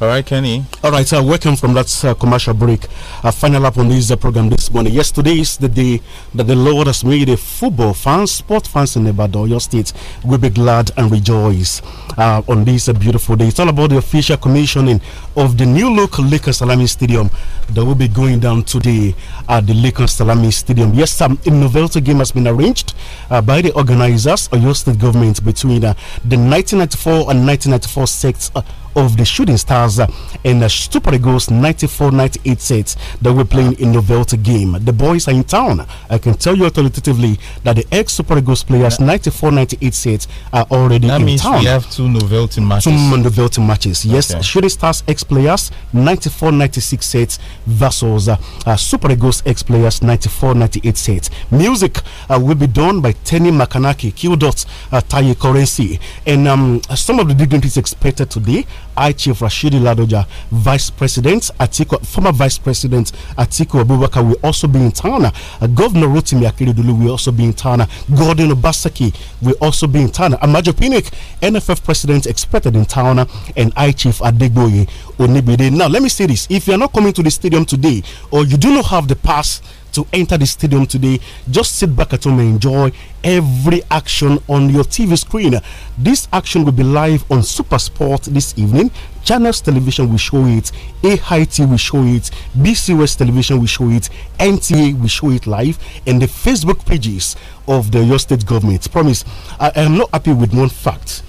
All right, Kenny. All right, uh, welcome from that uh, commercial break. A uh, final up on this uh, program this morning. Yesterday is the day that the Lord has made a football fans, sport fans in Ibadan, your state, will be glad and rejoice uh, on this uh, beautiful day. It's all about the official commissioning of the new look Lakers Salami Stadium that will be going down today at the Lakers Salami Stadium. Yes, some novelty game has been arranged by the organizers or your state government between the 1994 and 1994 sects of the Shooting Stars in the Super Eagles 94 98 set that we're playing in Novelty game. The boys are in town. I can tell you authoritatively that the ex Super Eagles players 94 98 set are already that in means town. We have two Novelty matches. Two Novelty matches. Yes, okay. Shooting Stars ex players 94 96 set versus uh, uh, Super Eagles ex players 94 98 set. Music uh, will be done by Tenny Makanaki, Q Dot, uh, Currency, and um, some of the dignitaries expected today. I Chief Rashidi Ladoja, Vice President Atiku, former Vice President Atiku Abubakar will also be in town. Uh, Governor Rotimi Akeredolu will also be in town. Gordon Obaseki will also be in town. Amajo Pinnick, NFF President expected in town, and I Chief Adegboye Onibide. Now, let me say this: if you are not coming to the stadium today, or you do not have the pass to enter the stadium today. Just sit back at home and enjoy every action on your TV screen. This action will be live on Super Sport this evening. Channels Television will show it, AIT will show it, BCS Television will show it, NTA will show it live, and the Facebook pages of the your state government. Promise, I, I am not happy with one fact.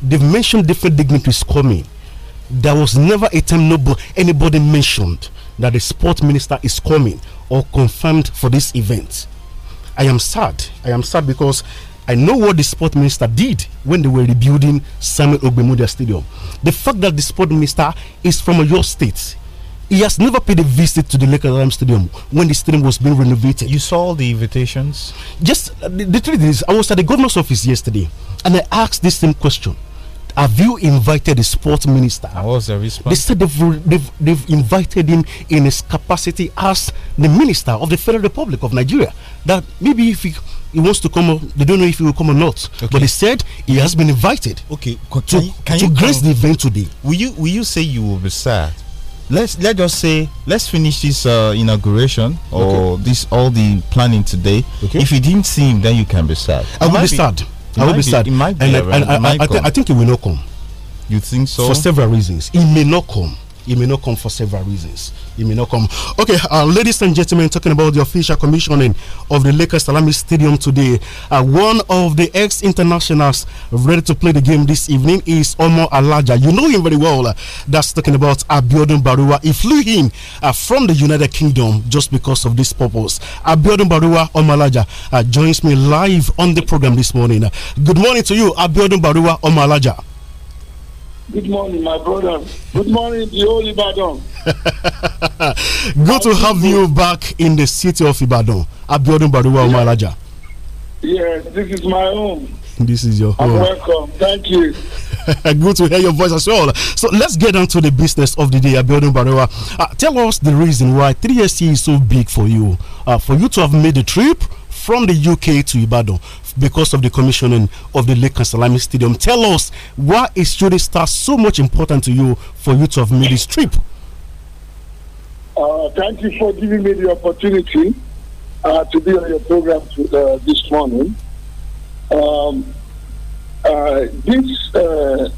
They've mentioned different dignitaries coming. There was never a time nobody, anybody mentioned that the sport minister is coming or confirmed for this event. I am sad. I am sad because I know what the sport minister did when they were rebuilding Samuel Ogbemudia Stadium. The fact that the sport minister is from your state, he has never paid a visit to the Lakers Stadium when the stadium was being renovated. You saw the invitations? Just uh, the, the truth is, I was at the governor's office yesterday and I asked this same question have you invited the sports minister? And was the response? They said they've, they've, they've invited him in his capacity as the minister of the Federal Republic of Nigeria. That maybe if he he wants to come. They don't know if he will come or not. Okay. But they said he has been invited. Okay, can to, you, can to you grace the event today. Will you will you say you will be sad? Let's let us say let's finish this uh, inauguration or okay. this all the planning today. Okay. If you didn't see him, then you can be sad. I will be sad. I will be, be sad. It might be. And, around. I, I, I, th I think it will not come. You think so? For several reasons. It may not come. It may not come for several reasons. It may not come. Okay, uh, ladies and gentlemen, talking about the official commissioning of the Lakers Salami Stadium today. Uh, one of the ex internationals ready to play the game this evening is Omar Alaja. You know him very well. Uh, that's talking about Abiodun Barua. He flew in uh, from the United Kingdom just because of this purpose. Abiodun Barua Omar Alaja uh, joins me live on the program this morning. good morning to you, Abiodun Barua Omar Alaja. Good morning, my brother. Good morning, the whole Ibadan. Good to have you back in the city of Ibadan. Abiodun Baruwa Malaja. Yes, this is my home. This is your home. welcome. Thank you. Good to hear your voice as well. So let's get on to the business of the day, Abiodun Baruwa. Uh, tell us the reason why 3SC is so big for you. Uh, for you to have made the trip from the UK to Ibadan because of the commissioning of the Lake Salami Stadium. Tell us why is Shooting Star so much important to you for you to have made this trip? Uh, thank you for giving me the opportunity uh, to be on your program to, uh, this morning. Um, uh, this, uh,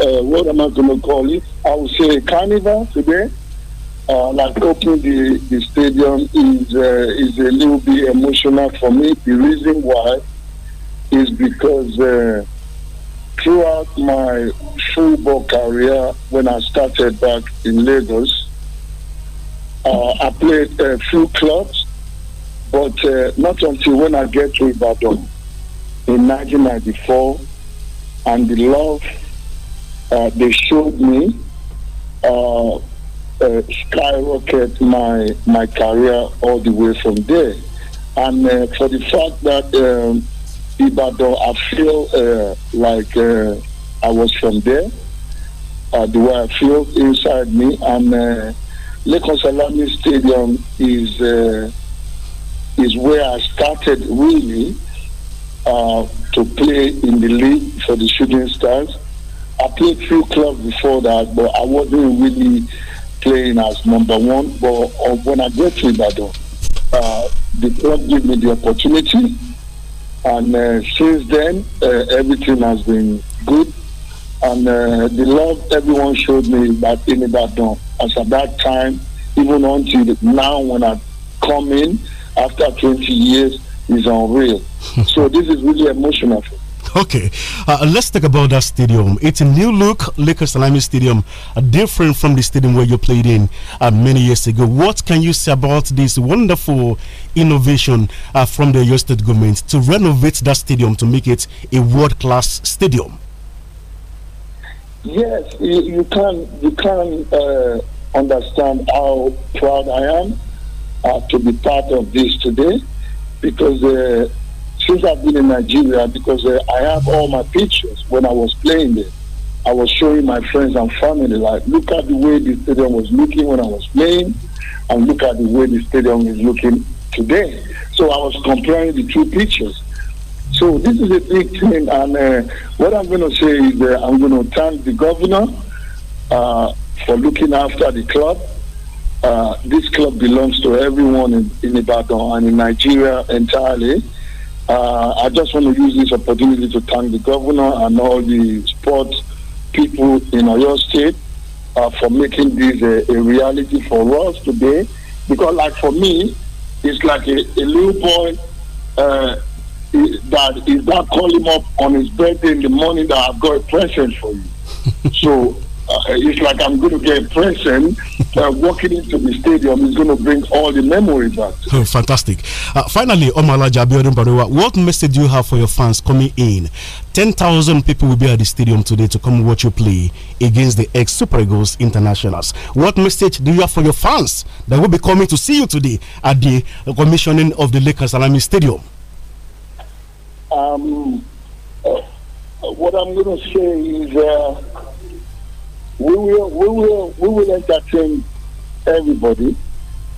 uh, what am I going to call it? I would say carnival today uh, like opening the, the stadium is uh, is a little bit emotional for me. The reason why is because uh, throughout my football career, when I started back in Lagos, uh, I played a few clubs, but uh, not until when I get to Ibadan in 1994, and the love uh, they showed me uh, skyrocket my my career all the way from there. And uh, for the fact that um, Ibadan, I feel uh, like uh, I was from there. Uh, the way I feel inside me, and uh, Lagos Salami Stadium is uh, is where I started really to play in the league for the Shooting Stars. I played few clubs before that, but I wasn't really playing as number one. But uh, when I get to Ibadan, uh, the club gave me the opportunity, and uh, since then uh, everything has been good. And uh, the love everyone showed me back in Ibadan, as at that time, even until now, when I come in after 20 years, is unreal. so this is really emotional Okay, uh, let's talk about that stadium. It's a new look Lakers Salami Stadium, uh, different from the stadium where you played in uh, many years ago. What can you say about this wonderful innovation uh, from the U.S. State government to renovate that stadium to make it a world class stadium? Yes, you, you can you can uh, understand how proud I am uh, to be part of this today because since I've been in Nigeria, because uh, I have all my pictures when I was playing there, I was showing my friends and family, like, look at the way the stadium was looking when I was playing, and look at the way the stadium is looking today. So I was comparing the two pictures. So this is a big thing, and uh, what I'm going to say is that I'm going to thank the governor uh, for looking after the club. Uh, this club belongs to everyone in, in Ibadan and in Nigeria entirely. Uh, I just want to use this opportunity to thank the governor and all the sports people in Oyo State uh, for making this a, a, reality for us today. Because, like for me, it's like a, a little boy uh, that is not calling up on his birthday in the morning that I've got a present for you. so uh, it's like I'm going to get a person uh, walking into the stadium is going to bring all the memories back. Oh, fantastic. Uh, finally, Omala Jabiodun what message do you have for your fans coming in? 10,000 people will be at the stadium today to come watch you play against the ex Super Eagles internationals. What message do you have for your fans that will be coming to see you today at the commissioning of the Lakers Alami Stadium? Um, uh, what I'm going to say is. Uh, we will we will we will entertain everybody.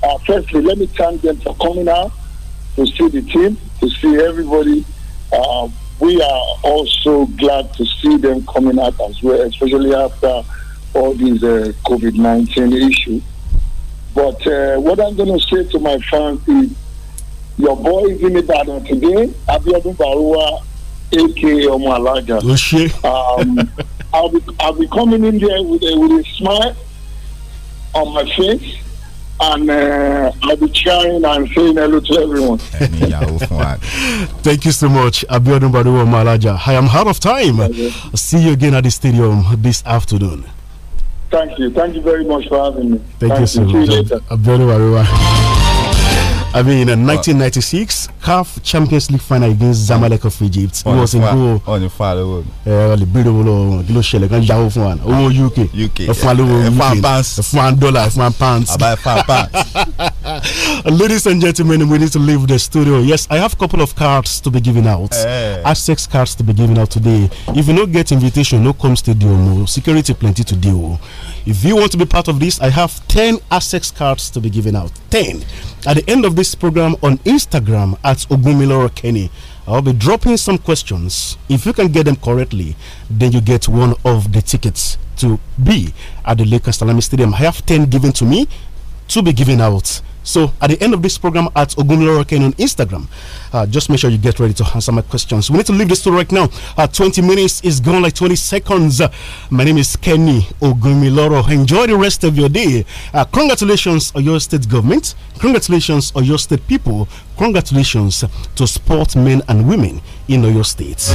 Uh, firstly, let me thank them for coming out to see the team, to see everybody. Uh, we are also glad to see them coming out as well, especially after all these uh, COVID 19 issues. But uh, what I'm going to say to my fans is your boy is in Ibadan today, Abiodun Barua, aka Omo Alaja. Um, I'll be, I'll be coming in there with a, with a smile on my face and uh, I'll be cheering and saying hello to everyone. Thank you so much, Abiodun Baruwa Malaja. I am out of time. See you again at the stadium this afternoon. Thank you. Thank you very much for having me. Thank, Thank you so you. much. I mean, in 1996. CAF Champions League final against Zamalek of Egypt he was in goal ọ̀nì fún àlọ́wọ́ ẹ ọ̀lẹ̀ bèrè owó lọ́wọ́ kí ló ṣẹlẹ̀ kan yàwó fún wa UK UK The fún àlọ́wọ́ oh. eh, the ẹ fún wa dollar the fún wa pounds àbá ẹ fún wa ladies and gentlemen we need to leave the studio yes I have a couple of cards to be given out hey. I have six cards to be given out today if you no get invitation no come studio. Oh. No security plenty to deal oh. if you want to be part of this I have ten access cards to be given out ten at the end of this program on Instagram at at Ogumiloro Kenny. I'll be dropping some questions. If you can get them correctly, then you get one of the tickets to be at the Lakers Salami Stadium. I have 10 given to me to be given out so at the end of this program at Ken on Instagram, uh, just make sure you get ready to answer my questions. We need to leave this to right now. Uh, 20 minutes is gone like 20 seconds. Uh, my name is Kenny Ogumiloro. Enjoy the rest of your day. Uh, congratulations on your state government. Congratulations on your state people. Congratulations to sportsmen and women in your states.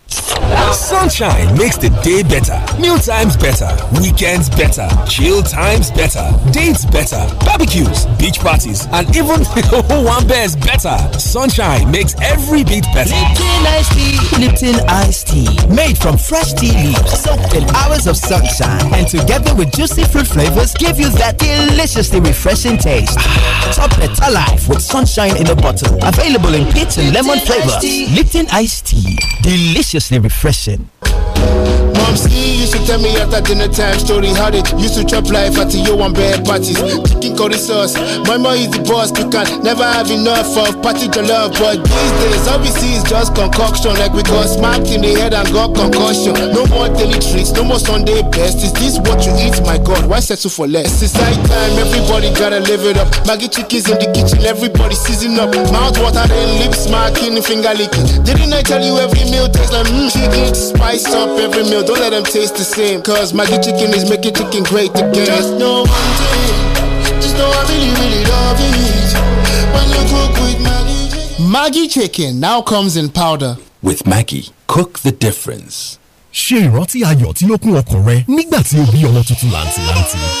Sunshine makes the day better, meal times better, weekends better, chill times better, dates better, barbecues, beach parties, and even one bears better. Sunshine makes every bit better. Lipton iced tea, Lipton iced tea, made from fresh tea leaves, soaked in hours of sunshine, and together with juicy fruit flavors, give you that deliciously refreshing taste. Ah. Top it alive with sunshine in a bottle, available in peach and lemon flavors. Lipton iced tea, delicious tremendously refreshing. I'm you should tell me after dinner time story how it. used to trap life at your one bad parties. Chicken curry sauce, my mom is the boss, you can never have enough of party to love. But these days, obviously it's just concoction, like we got smacked in the head and got concussion. No more daily treats, no more Sunday best. Is this what you eat? My God, why settle for less? It's night time, everybody gotta live it up. Maggie chickens in the kitchen, everybody season up. Mouth water, then lips smacking, finger licking. Didn't I tell you every meal tastes like mmm? Chicken spice up every meal. Don't let them taste the same. Cause Maggie chicken is making chicken great again. Just know one thing, just know I really, really love it. When you cook with Maggie chicken. Maggie chicken now comes in powder. With Maggie, cook the difference. ṣe ìrántí ayọ̀ tí ó kún ọkàn rẹ nígbà tí kun re nigba ọmọ tuntun làǹtìlanti.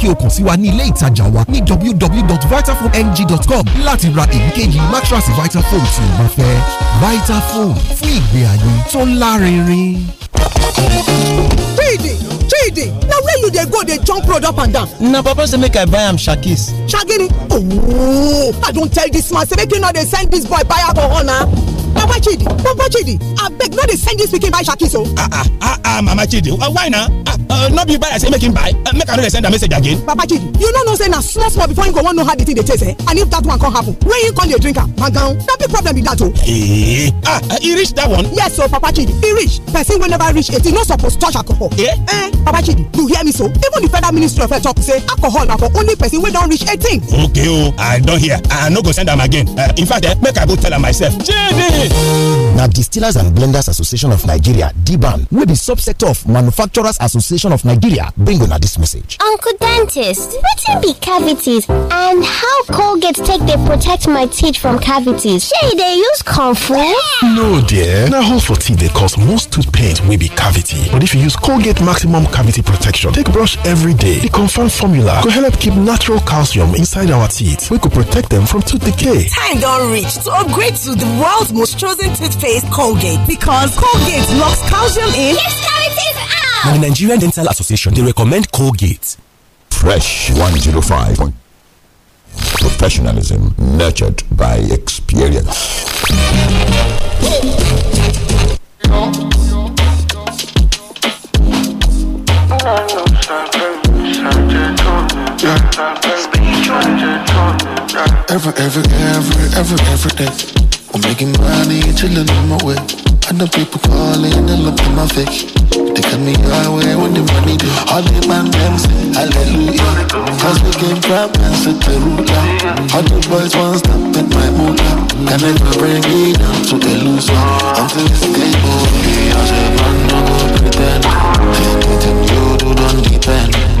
kí o kàn sí wa ní ilé ìtajà wa ní www.vitafoamng.com láti ra èyíkéyìí mattress Vitafoam tí o bá fẹ́ Vitafoam fún ìgbé ayé tó lárinrin. Chidi Chidi na where you dey go dey jump road up and down? Na papa say make I buy am shakis. Shagini? Oh, I don tell dis man say make he no dey send dis boy buy alcohol na. Papa chidi Papa chidi abeg no dey send this pikin buy shakiso. ah ah ah ah mama chidi uh, why na ah, Uh, no be buy i say make him buy uh, make i no send a message again. Papa chidi you know no know say na small small before you go wan know how the thing they taste eh and if that one come happen when you come dey drinker, am gangan na big problem be that o. Oh. ee eh, ah uh, he reach that one. yes so oh, papa chidi he reach person will never reach eighteen no suppose touch alcohol. eh eh papa chidi you hear me so even the federal minister of health talk say alcohol now for only person will don't reach eighteen. okay oh, i don't hear i no go send them again uh, in fact eh, make i go tell them myself. chidi na distillers and blenders association of nigeria dban wey be subsector of manufacturers association of nigeria bring una dis message uncle dentist wetin be cavities and how colgate take dey protect my teeth from cavities shey e dey use comfort? no dear na hole for teeth dey cause most tooth pain wey be cavity but if you use colgate maximum cavity protection take brush every day the confirmed formula go help keep natural calcium inside our teeth wey go protect them from tooth decay time don reach to upgrade to the world's most chosen toothpaste, Colgate. Because Colgate locks calcium in. Keeps cavities out! the Nigerian Dental Association, they recommend Colgate. Fresh 105. Professionalism nurtured by experience yeah. Every, every, every, every, every eh. day. I'm making money and chilling on my way. I know people calling and up in my face. They cut me highway when the money do. All the man them say hallelujah. Cause we came from and set the ruler. All the boys want stop at my moolah. Can never bring me down to the loser. I'm still stable. I said, man, no go pretend. Anything you do, don't depend.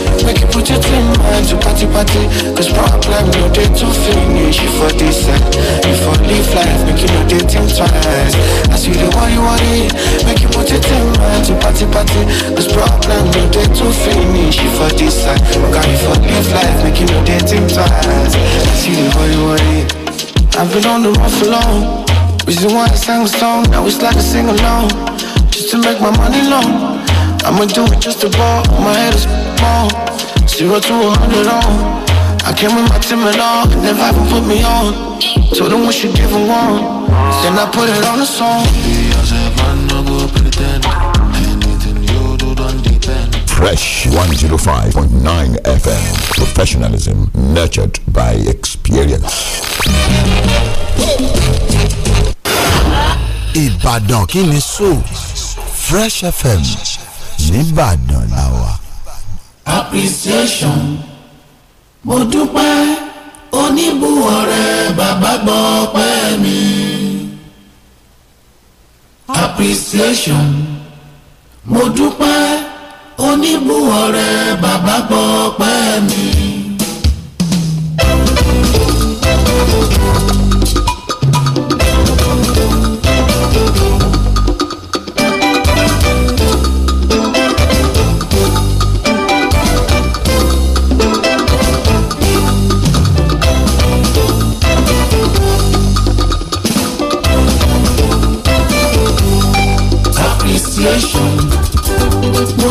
Make you put your twin mind to party party Cause problem no day to finish You for this side, eh? you for live life Make you no day think twice I see the worry worry Make you put your twin mind to party party Cause problem no day to finish You for this and eh? you for live life Make you no day think twice I see the worry worry I've been on the run for long Reason why I sang a song Now it's like a sing along Just to make my money long I'ma do it just to ball My head is small Zero to a hundred on. I came with my team at all, and they put me on. Told them we should give them one. Then I put it on the song. Fresh 105.9 FM. Professionalism nurtured by experience. Ibadan kini so Fresh FM. Nìbàdàn làwà. appreciation mo dúpẹ́ oníbùwọ̀rẹ́ bàbá gbọ́ pẹ́ mi appreciation mo dúpẹ́ oníbùwọ̀rẹ́ bàbá gbọ́ pẹ́ mi. thank you association.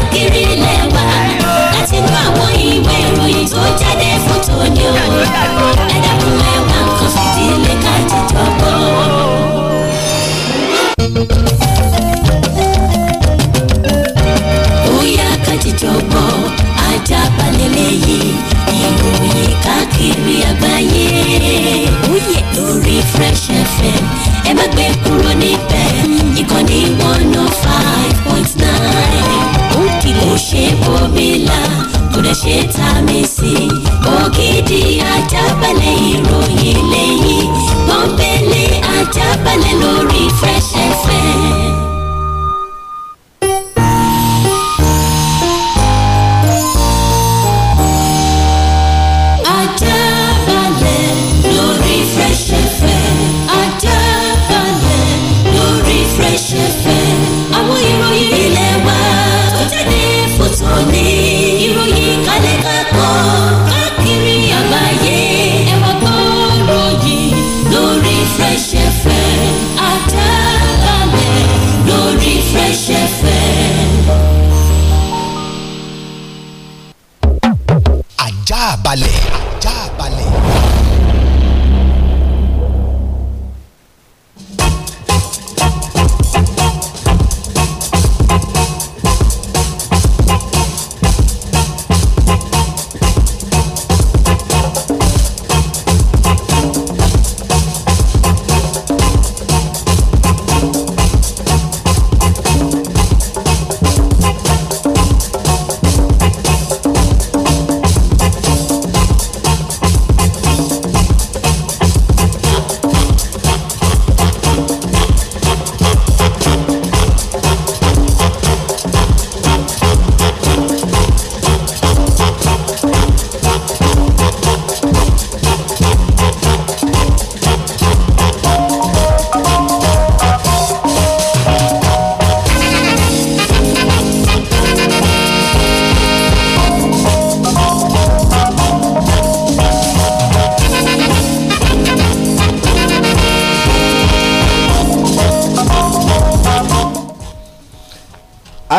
káàkiri ilẹ̀ wa tó jáde fún tòní o Fresh FM ẹ má gbé kúrò níbẹ̀ ìkànnì one oh five point bòmílà kò dẹ̀ ṣe tá a mi sí. ògidì ajábalẹ̀ ìròyìn lẹ́yìn pọ́npẹ́lẹ́ ajábalẹ̀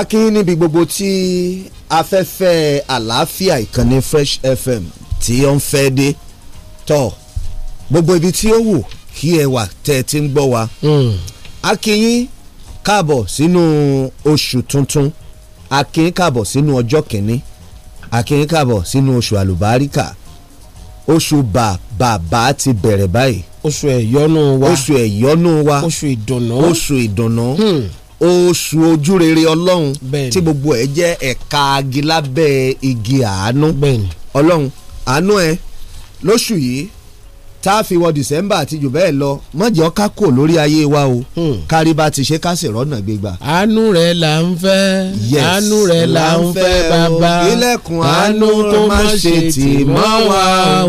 kí níbi gbogbo tí afẹ́fẹ́ àlàáfíà ìkànnì Fresh FM tí ó ń fẹ́ dé tọ̀ gbogbo ibi tí ó wù kí ẹ wà tẹ́ ẹ ti ń gbọ́ wa. Hmm. a kí yín káàbọ̀ sínú oṣù tuntun a kí yín káàbọ̀ sínú ọjọ́ kìíní a kí yín káàbọ̀ sínú oṣù àlùbáríkà oṣù bàbàbà ti bẹ̀rẹ̀ báyìí. oṣù ẹ̀yọ́nú wa oṣù ẹ̀yọ́nú wa oṣù ìdùnnú oṣù ìdùnnú. Hmm oṣù ojúrere ọlọ́run tí gbogbo ẹ̀ jẹ́ ẹ̀ka agi lábẹ́ igi àánú ọlọ́run àánú ẹ lóṣù yìí tá a fi wọ december àti jù bẹ́ẹ̀ lọ mọ̀jọ́ ká kò lórí ayé wa o hmm. kárí bá ti ṣe ká sì rọ́nà gbégbá. àánú rẹ̀ là ń fẹ́ àánú rẹ̀ là ń fẹ́ bàbá ilẹ̀kùn àánú kó má ṣe tì mọ́ wa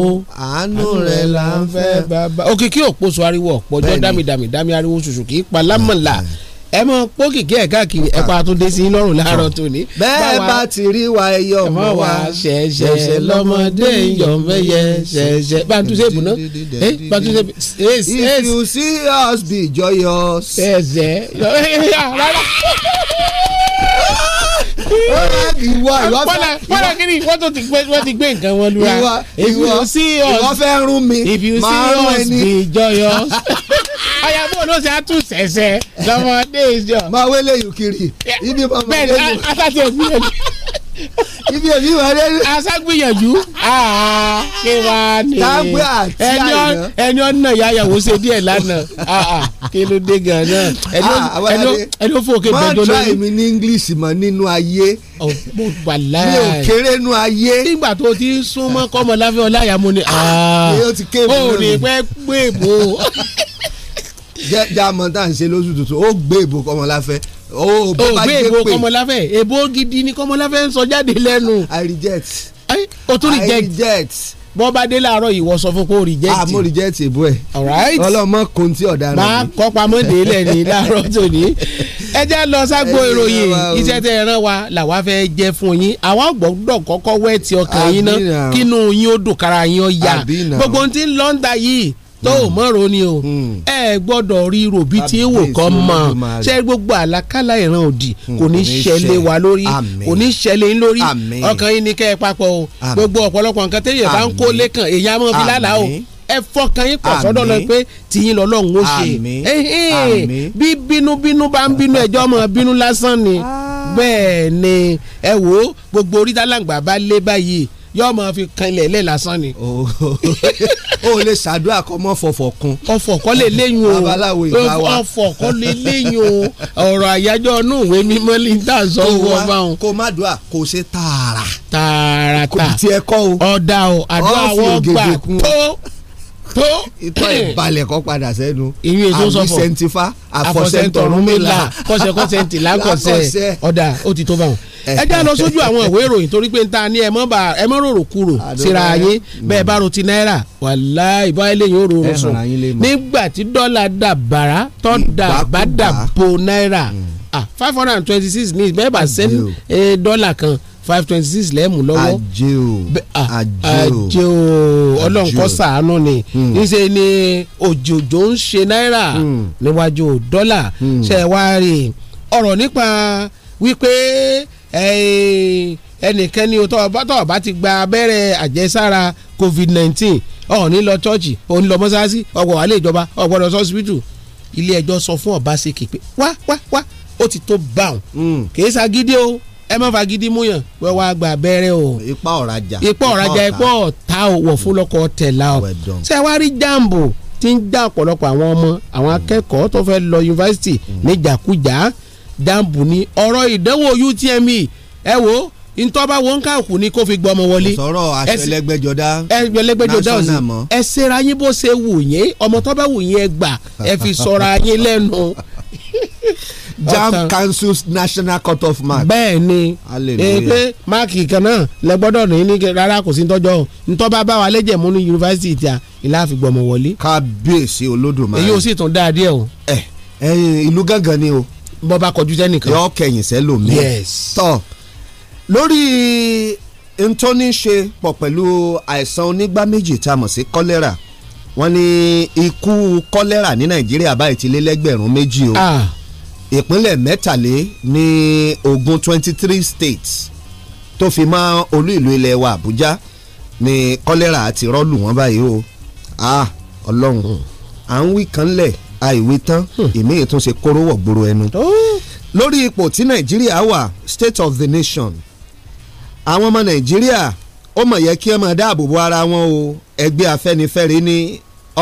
o àánú rẹ̀ là ń fẹ́ bàbá. òkè òpó sọ ariwo ọ̀pọ̀ ọjọ́ ariwo ṣoṣo kì í pa lámọ̀lá ẹ mọ pókìkí ẹ̀ káàkiri ẹ pa àtúndé sí lọ́rùn láàárọ̀ tòní. bẹ́ẹ̀ bá ti rí wa ẹyọ ọmọ wa ṣẹ̀ṣẹ̀ lọ́mọdé yọ̀mẹ́yẹ ṣẹ̀ṣẹ̀ bàtúnṣẹ́bù náà ẹ bàtúnṣẹ́bù. if you see us be joyous. ṣẹ̀ṣẹ̀ rárá ìwọ ìwọ fẹ́ wọ́n kí ni wọ́n tó ti gbé wọ́n ti gbé nǹkan wọn lura ìwọ ìwọ ìwọ fẹ́ rún mi máa rún ẹni be joyous ayabo ló ṣe àtúnṣẹṣẹ lọmọdé ìjọ. máa wélé yìí kiri ibi máa wélé yìí. bẹ́ẹ̀ni asase ògbìyànjú ibi èmi wà lẹ́nu. aṣágbìyànjú ah, kí wá ní ẹni ọ̀nà ìyá ìyàwó ṣe díẹ̀ lánàá ah, ah, kí ló dé gan-an ẹni ó fòkè bẹ́ẹ̀dọ́ lórí. máa try mi ní english mọ́ nínú ayé oh, mo wà láàyè mi ò kéré nú ayé. nígbà tó ti súnmọ́ kọ́mọ láfẹ́ ọláyà mo ní. ó ti ké mi lónìí. ó ní pẹ́ gbé bò. jẹ́ jẹ́ àmọ́ tá à ń ṣe lóṣù tuntun ó gbé ìbò kọ́mọ láfẹ́ o bó bá gbé pè èbó kọmọláfẹ́ èbó gidi ni kọmọláfẹ́ ń sọ jáde lẹ́nu. i reject. o tún reject. i reject. bọ́ bá dé láàárọ̀ ìwọ sọ fún pé o reject. ah mo reject èbó ẹ̀. alright ọlọ́mọ kò tí ọ̀daràn. máa kọ́ pamọ́ délẹ̀ ní láàárọ̀ tòní. ẹ jẹ́ lọ ságbo ìròyìn iṣẹ́ tẹ ẹran wa làwa fẹ́ jẹ́ fún yín àwa gbọ́dọ̀ kọ́kọ́ wẹ́ẹ̀tì ọkàn yín náà kínú yín ó dùn kára yín ó yá gbogbo ohun tí ń lọ́ńdà yìí tó o mọ̀ ro ni o hmm. Hmm. ẹ gbọ́dọ̀ rí robi tí èèwò kan mọ̀ ṣé gbogbo àlákálà ìran òdì hmm, kò ní ṣẹlẹ̀ wa lórí kò ní ṣẹlẹ̀ ń lórí ọkàn yín ni kẹ́ ẹ papọ̀ o gbogbo ọ̀pọ̀lọpọ̀ nǹkan téèyàn bá ń kó lẹ́kàn èèyàn á mọ̀ fi lálàá o ẹ fọkàn yín pọ̀ sọ́dọ̀ lọ pé tìyín lọ́lọ́run ó ṣe bí bínúbínú bá ń bínú ẹjọ́ ọmọ bínú lásán ni ah. bẹ́ẹ̀ ni ẹ wò gbogbo orí dálàǹgbà bá lé báyìí yóò máa fi kan ilẹ̀ ilẹ̀ lásán ni. o lè ṣàdúrà kọ́ mọ́ fọ̀fọ̀ kun. ọ̀fọ̀ kọ́ lè léyìn o babaláwo ìgbà wa ọ̀fọ̀ kọ́ lè léyìn o ọ̀rọ̀ àyájọ́ inú ìwé mímọ́ ní tàǹsọ wọ bá wọn. kó má dùn à kò ṣe tààrà. tààrà tà kò tiẹ̀ kọ́ o. ọ̀dà o àdúrà wọ́n gbà tó tó ìtọ́ ìbalẹ̀ kọ́ padà sẹ́nu àbísẹ́ntifá àfọ̀sẹ́ntọ̀rún mélà kọ́sẹ̀kọ́sẹ̀ntì lákọ̀sẹ̀ ọ̀dà ó ti tó báwọn. ẹ já lọ sójú àwọn ìwé ìròyìn torí pé n ta ni ẹ mọ́ bá kúrò síra yín mm. bẹ́ẹ̀ bá ro ti náírà wàlá ìbá eléyìí ó sùn nígbà tí dọ́là dà bàrà tọ́ dà bá dà po náírà mm. five hundred and twenty six ní bẹ́ẹ̀ bá sẹ́ni eh, dọ́là kan five twenty six lẹ́ẹ̀mú lọ́wọ́ àjẹ o àjẹ o ọlọ́run kó ṣàánú ni hmm. níṣe ni òjòjò ń ṣe náírà hmm. níwájú dọ́là hmm. ṣe wá rí ọ̀rọ̀ nípa wípé ẹnìkan ni tó bá ti gba abẹ́rẹ́ àjẹsára covid nineteen ó ní lọ chọ́ọ̀chì ó ní lọ mọ́sáàsì ọ̀gbọ̀n wà lé ìjọba ọ̀gbọ̀dọ̀ sọ́sibítù ilé ẹjọ́ sọ fún Obaseki pé wá wá wá ó ti tó báwọn kì í o ẹ má fagídí múyàn wẹ́ wá gba abẹ́rẹ́ o. ipa ọ̀rajà ipa ọ̀rajà ipa ọ̀ta wọ̀ fún lọ́kọ̀ tẹ̀lá o. ṣé wàá rí jàǹbù tí ń dá ọ̀pọ̀lọpọ̀ àwọn ọmọ àwọn mm. akẹ́kọ̀ọ́ tó fẹ́ lọ yunifásitì mm. níjàkújà jàǹbù ni ọ̀rọ̀ ìdánwò UTME ẹ wo ntọ́ba wọn ká òkú ni kó fi gbọ́ ọmọ wọlé. sọ̀rọ̀ aṣọ ẹlẹ́gbẹ́jọdá ẹlẹ́gbẹ́jọdá ọ̀sìn ẹ ṣera yín bó ṣe wù yín ọmọ tọ́ba wù yín ẹ gbà Jam cancels national cut off mark. bẹ́ẹ̀ ni pé máàkì kan náà lẹ gbọ́dọ̀ ní ní rárá kò sí tọ́jọ́ ntọ́ bá bá wa lẹ́jẹ̀ mú ní yunifásitì tí a ìlà àfìgbọ̀mọ wọlé. kábíyèsí olódùmarè. èyí ò sì tún dáa díẹ̀ o. ẹ eh, ẹ eh, ìlú gángan ni o. bọ́ bá kọjú sẹ́nìkan. yọ kẹyìn sẹ́lòmí. yes. tọ́ lórí ntọ́ni ṣe pọ̀ pẹ̀lú àìsàn onígbá méjì tá a mọ̀ sí kọ́lẹ́rà wọ́n ní ikú kọ́lẹ́rà ní nàìjíríà báyìí ti lé lẹ́gbẹ̀rún méjì o. ah ìpínlẹ̀ mẹ́tàlé ní ogún twenty three states tó fi mọ́ olú ìlú ilẹ̀ wa Àbújá ní kọ́lẹ́rà àti rọ́ọ̀lù wọn báyìí o ah ọlọ́run à ń wí kan lẹ̀ àìwí tán hmm. ìmí ètò ṣe kóró wọ̀gbòrò ẹnu. lórí ipò tí Nàìjíríà wà state of the nation àwọn ọmọ Nàìjíríà ó mọ̀ yẹ kí ẹ máa dáàbò bo ara wọn o ẹgbẹ́ Afẹ́nifẹ́re ní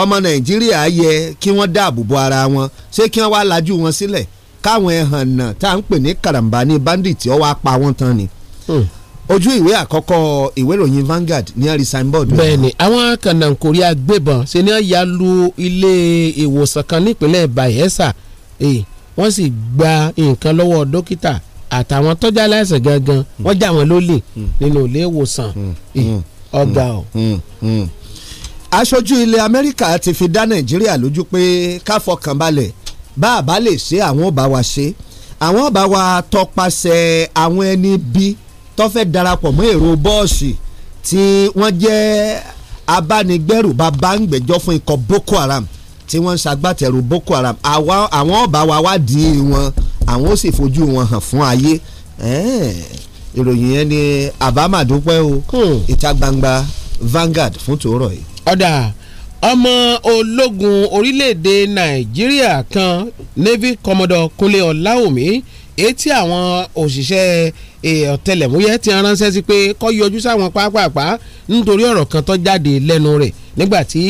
ọmọ Nàìjíríà yẹ kí wọ́n dáàbò bo ara wọn ṣé kí wọ́n wá lajú wọn sílẹ̀ si káwọn ẹ̀hànnà tá à ń pè ní karambà ní bandit ó wá pa wọ́n tán ni. Hmm. ojú ìwé àkọ́kọ́ ìwé ìròyìn Vanguard ní àrí signboard. bẹ́ẹ̀ni àwọn kànáńkórí agbébọn ṣe ni wọ́n ya lu ilé ìwòsàn kan nípínlẹ̀ Bayelsa wọ́n sì gba nǹkan lọ́wọ́ dókítà àtàwọn tọ́jà aláìsàn gangan hmm. wọ́n já wọn lólè hmm. nínú ilé ìwòsàn ọgbà ọ̀. aṣojú ilẹ̀ Amẹ́ríkà ti fi dá Nàìjíríà lójú pé ká fọkàn balẹ̀ bá a bá lè ṣe àwọn ọba wa ṣe àwọn ọba wa tọpasẹ̀ àwọn ẹni bí tó fẹ́ darapọ̀ mọ́ èrò bọ́ọ̀sì tí wọ́n jẹ́ abánigbẹ́rù bàbá ń gbẹ́jọ́ fún ikọ̀ Boko Haram tí wọ́n ń ṣagbátẹrù Boko Haram àwọn ọba wa di wọn àwọn ó sì fojú wọn hàn fún ayé ìròyìn yẹn ni àbámadúpẹ́ o hmm. ìta gbangba Vanguard fún tòórọ̀ yìí. ọ̀dà ọmọ ológun orílẹ̀-èdè nàìjíríà kan navy commodore kúnlé ọláwùmí etí àwọn òṣìṣẹ́ eh, ọ̀tẹlẹ̀múyẹ́ ti ránṣẹ́ sí pé kó yọjú sáwọn pápápá nítorí ọ̀rọ̀ kan tó jáde lẹ́nu rẹ̀ nígbà tí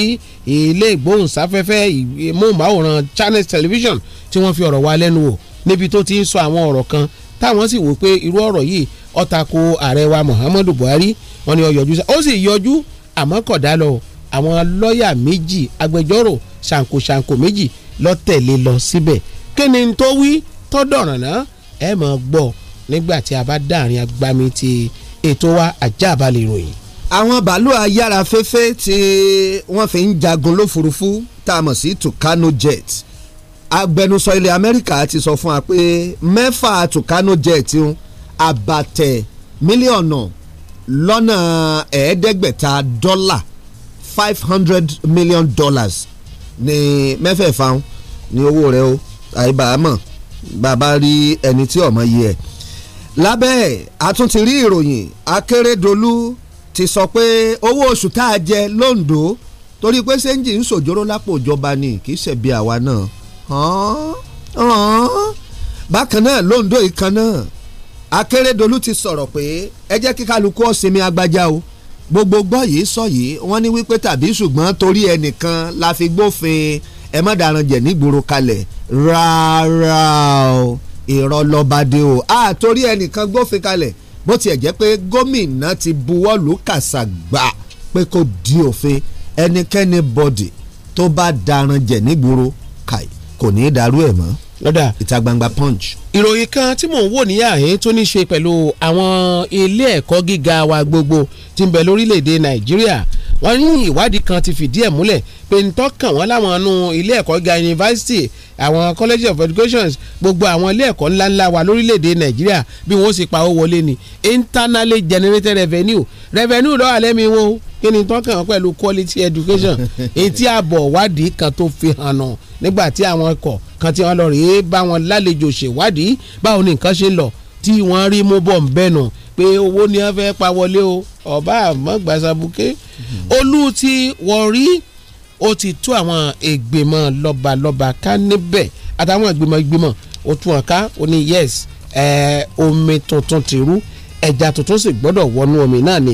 ilé ìgbóhùnsáfẹ́fẹ́ ìmọ̀ọ́mọ́wòrán Channels Television tí wọ́n fi ọ̀rọ̀ wá lẹ́nu wò níbi tó ti ń sọ àwọn ọ̀rọ̀ kan táwọn sì wò pé irú ọ̀rọ̀ yìí ó ààrẹ wa Muhammadu Buhari wọ́n ní ó yọjú ó sì yọjú àmọ́ kò dá àwọn lọ́ọ̀yà méjì agbẹjọ́rò ṣàǹkóṣàǹkó méjì ló tẹ̀lé lọ síbẹ̀ kí ni tó wí tó dọ̀ràn náà ẹ máa gbọ́ nígbà tí a bá dáàrin agbami ti ètò wa àjàbalẹ̀ ìròyìn. àwọn bàálù ayára fẹ́fẹ́ tí wọ́n fi ń jagun lófurufú tá a mọ̀ sí Tucano jet agbẹnusọ ilẹ̀ Amẹ́ríkà ti sọ fún wa pé mẹ́fà Tucano jet àbàtẹ̀ mílíọ̀nù lọ́nà ẹ̀ẹ́dẹ́gbẹ̀ta dọ́là five hundred million dollars Ni mẹ́fẹ̀ẹ̀fà ní owó rẹ̀ o àìbàámọ̀ bàbá rí ẹni tí ọmọ yìí ẹ̀ lábẹ́ ẹ̀ a tún ti rí ìròyìn Akérédolú ti sọ pé owó oṣù tá a jẹ londo torí pé sẹ́ńjì ń sòjóró lápò ìjọba ni kì í ṣẹ̀bi àwa náà bákan náà londo ìkan náà Akérédolú ti sọ̀rọ̀ pé ẹ jẹ́ kí kálukú ó agbájá o gbogbo gbọ́ yìí sọ yìí wọ́n ní wípé tàbí ṣùgbọ́n torí ẹnìkan la fi gbófin ẹ má daran jẹ̀ nígboro kalẹ̀ rárá o irọ́ lọ́ba dé o a torí ẹnìkan gbófin kalẹ̀ bó tiẹ̀ jẹ́ pé gómìnà ti buwọ́ lù kàṣàgbà pé kò di òfin ẹnikẹ́ni bọ́dì tó bá daran jẹ̀ nígboro kàì kò ní í darú ẹ̀ mọ́ lọ́dà ìta gbangba punch. ìròyìn kan tí mò ń wò níyà yín tó ní í ṣe pẹ̀lú àwọn ilé ẹ̀kọ́ gíga wa gbogbo ti ń bẹ lórílẹ̀‐èdè nàìjíríà wọ́n ní ìwádìí kan ti fìdí ẹ̀ múlẹ̀ pé ń tọ́kàn wọ́n láwọn nu ilé ẹ̀kọ́ ga yunifásitì àwọn college of education gbogbo àwọn ilé ẹ̀kọ́ ńláńlá wa lórílẹ̀‐èdè nàìjíríà bí wọ́n sì pa owó wọlé ni internally generated revenue revenue lọ́wọ́ alẹ́ mi wo kí ni tọ́kàn wọn pẹ̀lú quality education etí àbọ̀ wádìí kan tó fi hàn nà nígbà tí àwọn ẹ̀kọ́ kan tí wọ́n lọ rèé bá wọn lálejò ṣèwádìí báwo ni nǹkan ṣe lọ tí wọ́n rí mú bọ̀ ń bẹ̀nu pé owó ni wọ́n fẹ́ pa wọlé o ọba àmọ́ gbasabuke olú ti wọrí ó ti tú àwọn ìgbìmọ̀ lọ́balọ́ba ká níbẹ̀ àtàwọn ìgbìmọ̀ ìgbìmọ̀ ó tún ọ̀ká ó ní yes omi tuntun ti rú ẹja tuntun sì gbọ́dọ̀ wọnú omi náà ni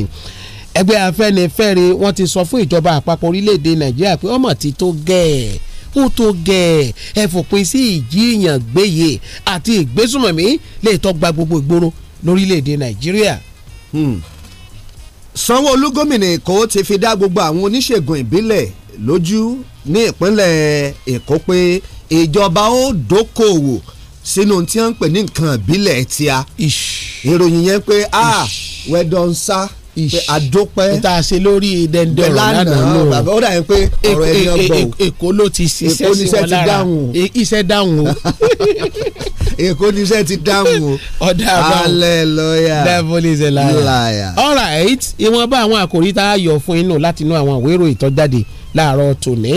ẹgbẹ́ afẹ́nifẹ́re wọ́n ti sọ fún ìjọba àpapọ̀ orílẹ̀‐èdè nàìjíríà pé ọmọ ti tó gẹ̀ẹ́ ó tó gẹ̀ẹ́ ẹ fòpin sí ìjiyàn gbéye àti ìgbésùmọ̀mí lè tọ́gba gbogbo ìgboro lórílẹ̀‐èdè nàìjíríà. Hmm sanwó-olu gómìnà èkó ti fi dá gbogbo àwọn oníṣègùn ìbílẹ̀ lójú ní ìpínlẹ̀ èkó pé ìjọba ó dókòwò sínú tí wọ́n ń pè ní nǹkan ìbílẹ̀ tíá ìròyìn yẹn pé ah wẹ́dọ̀ ń sá àdópẹ́ ìta ṣe lórí dẹ́ndé ọ̀rọ̀ lánàá lò bàbá ó dàbí pé ọ̀rọ̀ ẹni ọgbọ̀n èkó ló ti ṣiṣẹ́ sí wọn lára iṣẹ́ dáhùn o èkó níṣẹ́ ti dáhùn o ọ̀dà àbáwọ̀ hallelujah devil is a all right ìwọ̀nba àwọn àkòrí tá a yọ fún inú láti inú àwọn àwérò ìtọ́jáde láàárọ̀ tòní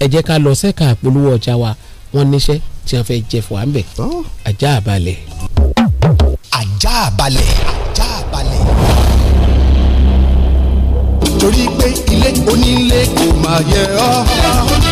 ẹ ká lọ sẹ́ka àpolówó ọjà wa wọ́n níṣẹ́ tí wọ́n fẹ́ jẹ fún wa torí pé ilé onílé kò máa yẹ ọ́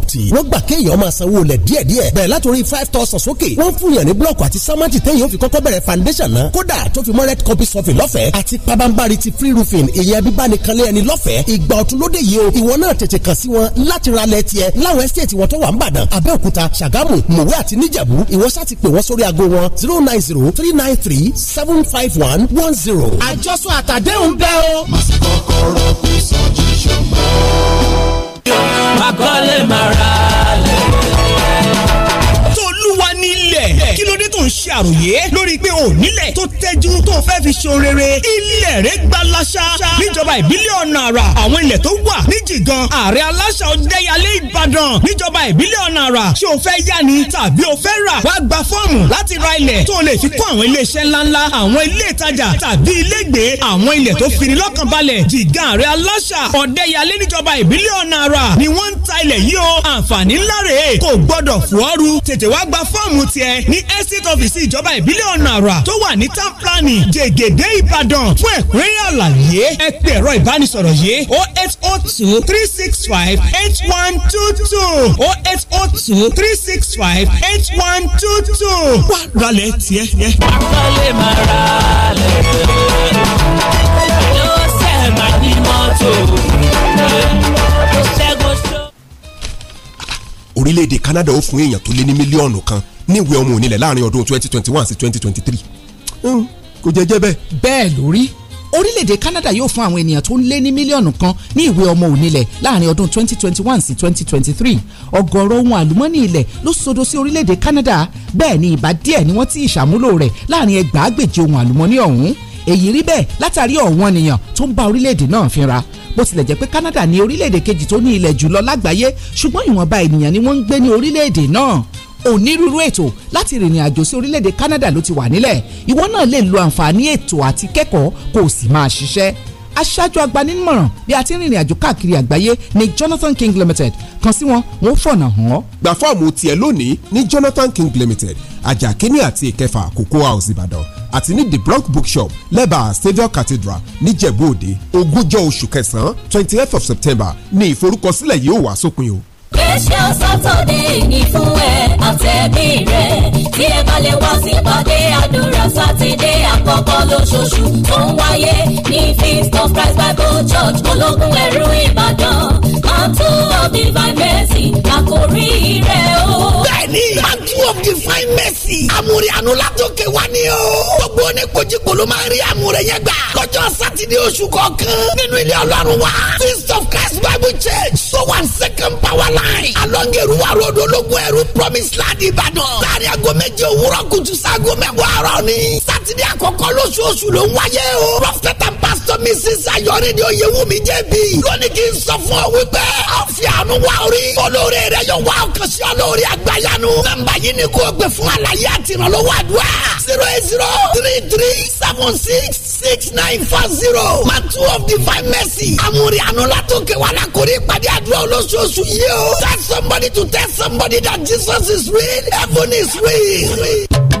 property wọ́n gbà kéèyàn máa sanwó lẹ̀ díẹ̀díẹ̀ bẹ̀rẹ̀ látòrí five thousand sókè wọ́n fún yàn ní blọọkù àti sámẹ́ǹtì téèyàn fi kọ́kọ́ bẹ̀rẹ̀ foundation náà kódà tó fi mọ́ red copy sọ́fìn lọ́fẹ̀ẹ́ àti pabambari ti free roofing ìyẹn bíbáni kanlé ẹni lọ́fẹ̀ẹ́ ìgbà ọ̀tun lóde yìí o ìwọ náà tètè kàn sí wọn láti ra lẹ̀ tiẹ̀ láwọn estate wọn tó wà ń bàdàn Abẹ́òkúta Ṣàgámù Mòwe àti Níjẹ̀bú ìwọ sá pè wọ́n sórí aago wọn zero nine zero three nine three seven five one one zero. àjọsọ àtàdéhùn bẹ́ẹ̀ o. màsí kọ́kọ́rọ́ kù sọ́jí ṣọ́gbọ́n. Makwale Mara. ṣe àròyé lórí pé o nílẹ̀ tó tẹ́jú tó fẹ́ fi ṣe rere ilé ẹ̀rẹ́ gba láṣá níjọba ìbílẹ̀ ọ̀nà àrà àwọn ilẹ̀ tó wà ní jìgan ààrẹ aláṣà ọ̀dẹ́yàlé ìbàdàn níjọba ìbílẹ̀ ọ̀nà àrà ṣé o fẹ́ yá ni tàbí o fẹ́ rà wá gba fọ́ọ̀mù láti ra ilẹ̀ tó lè fi kọ́ àwọn iléeṣẹ́ ńláńlá àwọn ilé ìtajà tàbí ilégbèé àwọn ilẹ̀ tó fini lọ́kàn balẹ̀ jìgan ààrẹ aláṣà ọ̀dẹ́yàlé níjọba ìbílẹ̀ ọ̀nà àrà ni wọ́n ń ta ilẹ̀ yìí o àǹfààní ńlá rèé kò gbọ́dọ̀ fọ́ọ̀rù tètè wá gba fọ́ọ̀mù tiẹ̀ ní estate office ìjọba ìbílẹ̀ ọ̀nà àrà tó wà ní town planning jẹ̀gẹ̀dẹ̀ ìbàdàn fún ẹ̀kúnrẹ́rẹ́ àlàyé ẹ ẹ̀rọ ìbánisọ̀rọ̀ yìí o oh eight o oh two three six five eight one two two o oh eight o two three six five eight one two two wà rálẹ̀ tiẹ̀ yẹ. àkọlé máa ra lẹ̀ yóò ṣe orílẹ̀-èdè Canada ó fún èèyàn tó lé ní mílíọ̀nù kan níwèé ọmọ onílẹ̀ láàrin ọdún twenty twenty one sí 2023. twenty three hmm, kò jẹjẹ bẹ́ẹ̀. bẹ́ẹ̀ lórí orílẹ̀-èdè Canada yóò fún àwọn ènìyàn tó ń lé ní mílíọ̀nù kan ní ìwé ọmọ onílẹ̀ láàrin ọdún 2021 sí 2023 ọ̀gọ̀ọ̀rọ̀ ohun àlùmọ́nì ilẹ̀ ló sodo sí orílẹ̀-èdè Canada bẹ́ẹ̀ ni ìbá díẹ̀ ni wọ́n ti ìṣàmúlò rẹ̀ láàrin ẹgbàágbèje ohun àlùmọ́nì ọ̀hún èyí rí bẹ́ẹ̀ látàrí ọ̀wọ́n ènìyàn tó ń bá orílẹ̀-èdè náà fínra bó tilẹ̀ jẹ́ pé Canada ni orílẹ̀-èdè kejì tó ní ilẹ̀ jùlọ lágbàáyé ṣùgbọ́n ìwọ̀nba ènìyàn ni wọ́n ń gbé ní orílẹ̀-èdè náà onírúurú ètò láti rìnrìn àjò sí orílẹ̀-èdè Canada ló ti wà nílẹ̀ ìwọ náà lè lo àǹfààní ètò àti kẹ́kọ̀ọ́ kó o sì máa ṣiṣẹ́ aṣáájú agbanímọ̀ràn bí a ti ń rìnrìn àjò káàkiri àgbáyé ní Jonathan King Limited kan sí wọn wọn fọ̀nà hàn án. gba fọ́ọ̀mù tiẹ̀ lónìí ní Jonathan King Limited ajakini àti ìkẹfà Cocoa House Ìbàdàn àti ní the bronc bookshop lẹ́bàá Saviour Cathedral níjẹ̀bú-òde ogúnjọ́ oṣù kẹsàn-án twenty eight of September ni ìforúkọsílẹ̀ yìí ó wà sópin o special saturday ní fún ẹ àtẹ̀bí rẹ tí ẹ bá lè wá sí ìpàdé àdúrà sátidé àkọ́kọ́ lóṣooṣù tó ń wáyé ní feast of christ bible church ológun ẹ̀rú ìbàdàn and two of divine mercy àkòrí o. bẹ́ẹ̀ni two of divine mercy amúre àánú látòkè o. gbogbo oníkojúkò ló máa rí amúre yẹn gbà. lọ́jọ́ sátidé oṣù kọ̀ọ̀kan nínú ilé ọlọ́run of christ bible church so one second power line along road ológun promise land ìbàdàn láàrin aago méje òwúrọ̀ kùtù sago mẹ́wàá àárọ̀ ni sátidé àkọ́kọ́ lóṣooṣù ló o. prophet and pastor mrs ayọ̀rẹ́dẹ̀ oyewumi jẹ́bi lónìí kì í sọ fún ọ wípé a àánú wá orí. olóore rẹ yóò wá ọkàn sí olóore àgbáyanu. yìí ni kò gbé fún àlàyé àtìrànlọ́wọ́ àdúrà. zero eight zero three three seven six six nine four zero. man two of divine mercy. amúri àánú látòkè wà lákòrí ìpàdé àdúrà olóṣooṣù yìí o. tell somebody to tell somebody that Jesus is real heaven is real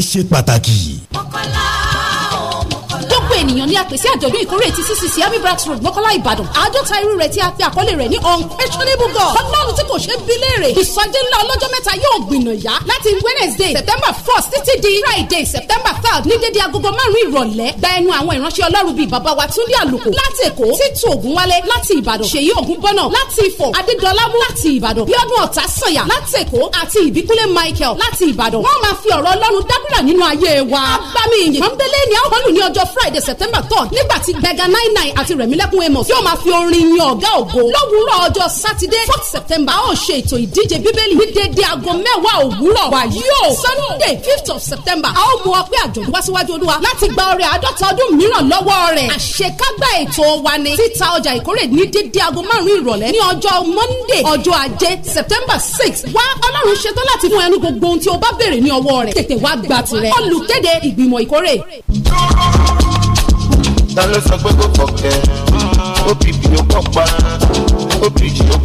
ìfẹ́ ṣe pàtàkì. ọkọlá gbogbo ènìyàn ní àpèsè àjọ̀dún ìkórè ti ccc army road mọ́kọ́lá ìbàdàn àádọ́ta irú rẹ̀ tí a fi àkọlé rẹ̀ ní unquestionable god ọlọ́run tí kò ṣe bí léèrè ìsọjí ńlá ọlọ́jọ́ mẹ́ta yóò gbìnàyà láti wednesday september first títí di friday september third ní dédé agogo márùn ìrọ̀lẹ́ gba ẹnu àwọn ìránṣẹ́ ọlọ́run bíi bàbá wa túndé àlùkò láti èkó títú ògúnwálé láti ìbàdàn ṣèyí ògúnbọ́nà láti ifọ̀ adédọ́lámú láti ìbàdàn bíọ́dún ọ̀tásọ̀yà láti èkó àti ìbíkúlé michael láti ìbàdàn wọ́n máa fi ọ̀rọ̀ ọlọ́run dábìrà nínú ayé wa. àbámi ìyìn kan ni a ó ọjọ́ friday friday september third nígbà tí gbẹ̀gà nine nine àti rẹ̀mílẹ́kùn amos yóò máa fi orin yin ọ̀gá ògo lówùúrọ̀ ọjọ́ sátidé fourth september a ó ṣe ètò ìdíje bíbélì ní dédé aago mẹ́wàá òwúrọ̀ wàyí o sunday fifth of september a ó mú ọpẹ́ àjọ̀dún wá síwájú olúwa láti gba ọrẹ àádọ́ta ọdún mìíràn lọ́wọ́ rẹ̀ àṣekágbá ètò wa ni títa ọjà ìkórè ní dédé aago márùn ìrọ̀lẹ́ ní ọjọ́ monday ọjọ́ ajé september six wá ọlọ́run ṣetán láti fún ẹnu gbogbo ohun tí o bá béèrè ní ọwọ́ rẹ̀ tètè wá gbà tirẹ̀ olùkéde ìgbìmọ̀ ìkórè. ta ló sọ pé kò fọkẹ obp kọ pa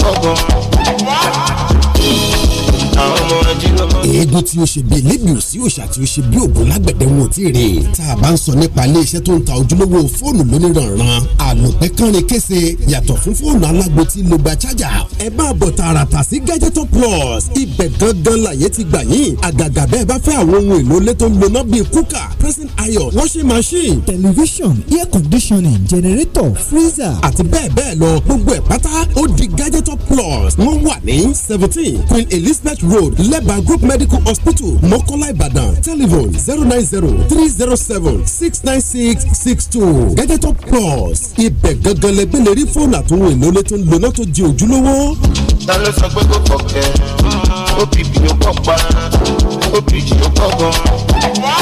kọ gan. àwọn ọmọ eégún tí ó ṣe bíi níbi òsì òòṣà tí ó ṣe bíi ògùn lágbẹ̀dẹ̀ wọn ò tí ì rè é tá a bá ń sọ nípa ilé iṣẹ́ tó ń ta ojúlówó fóònù lóníranran àlòpẹ́ kánrin kése yàtọ̀ fún fóònù alágbo tí ló gba chájà ẹ bá bọ̀ tààràtà sí gadgetor plus ibẹ̀ gangan làyè ti gbà yín àgàgà bẹ́ẹ̀ bá fẹ́ àwọn ohun èlò ilé tó ń lona bíi kúkà pressing iron washing machine television air conditioning generator freezer àti bẹ́ẹ̀ bẹ́ẹ̀ lọ gbogbo ẹ̀ pátá ó di gadgetor plus wọ́n wà ní seventeen queen elizabeth road lẹ́bàá group med medical hospital mọ́kọ́lá ìbàdàn telephone zero nine zero three zero seven six nine six six two gadgetop plus ibẹ̀ gangan lẹgbẹ́ lè rí fóònù àtúnwò ìnáwó tó ń lò náà tó di ojúlówó. ta ló sọ pé kò kọ̀kẹ́ ó bìbì ló pọ̀ pa ó bìbì ló pọ̀ gan.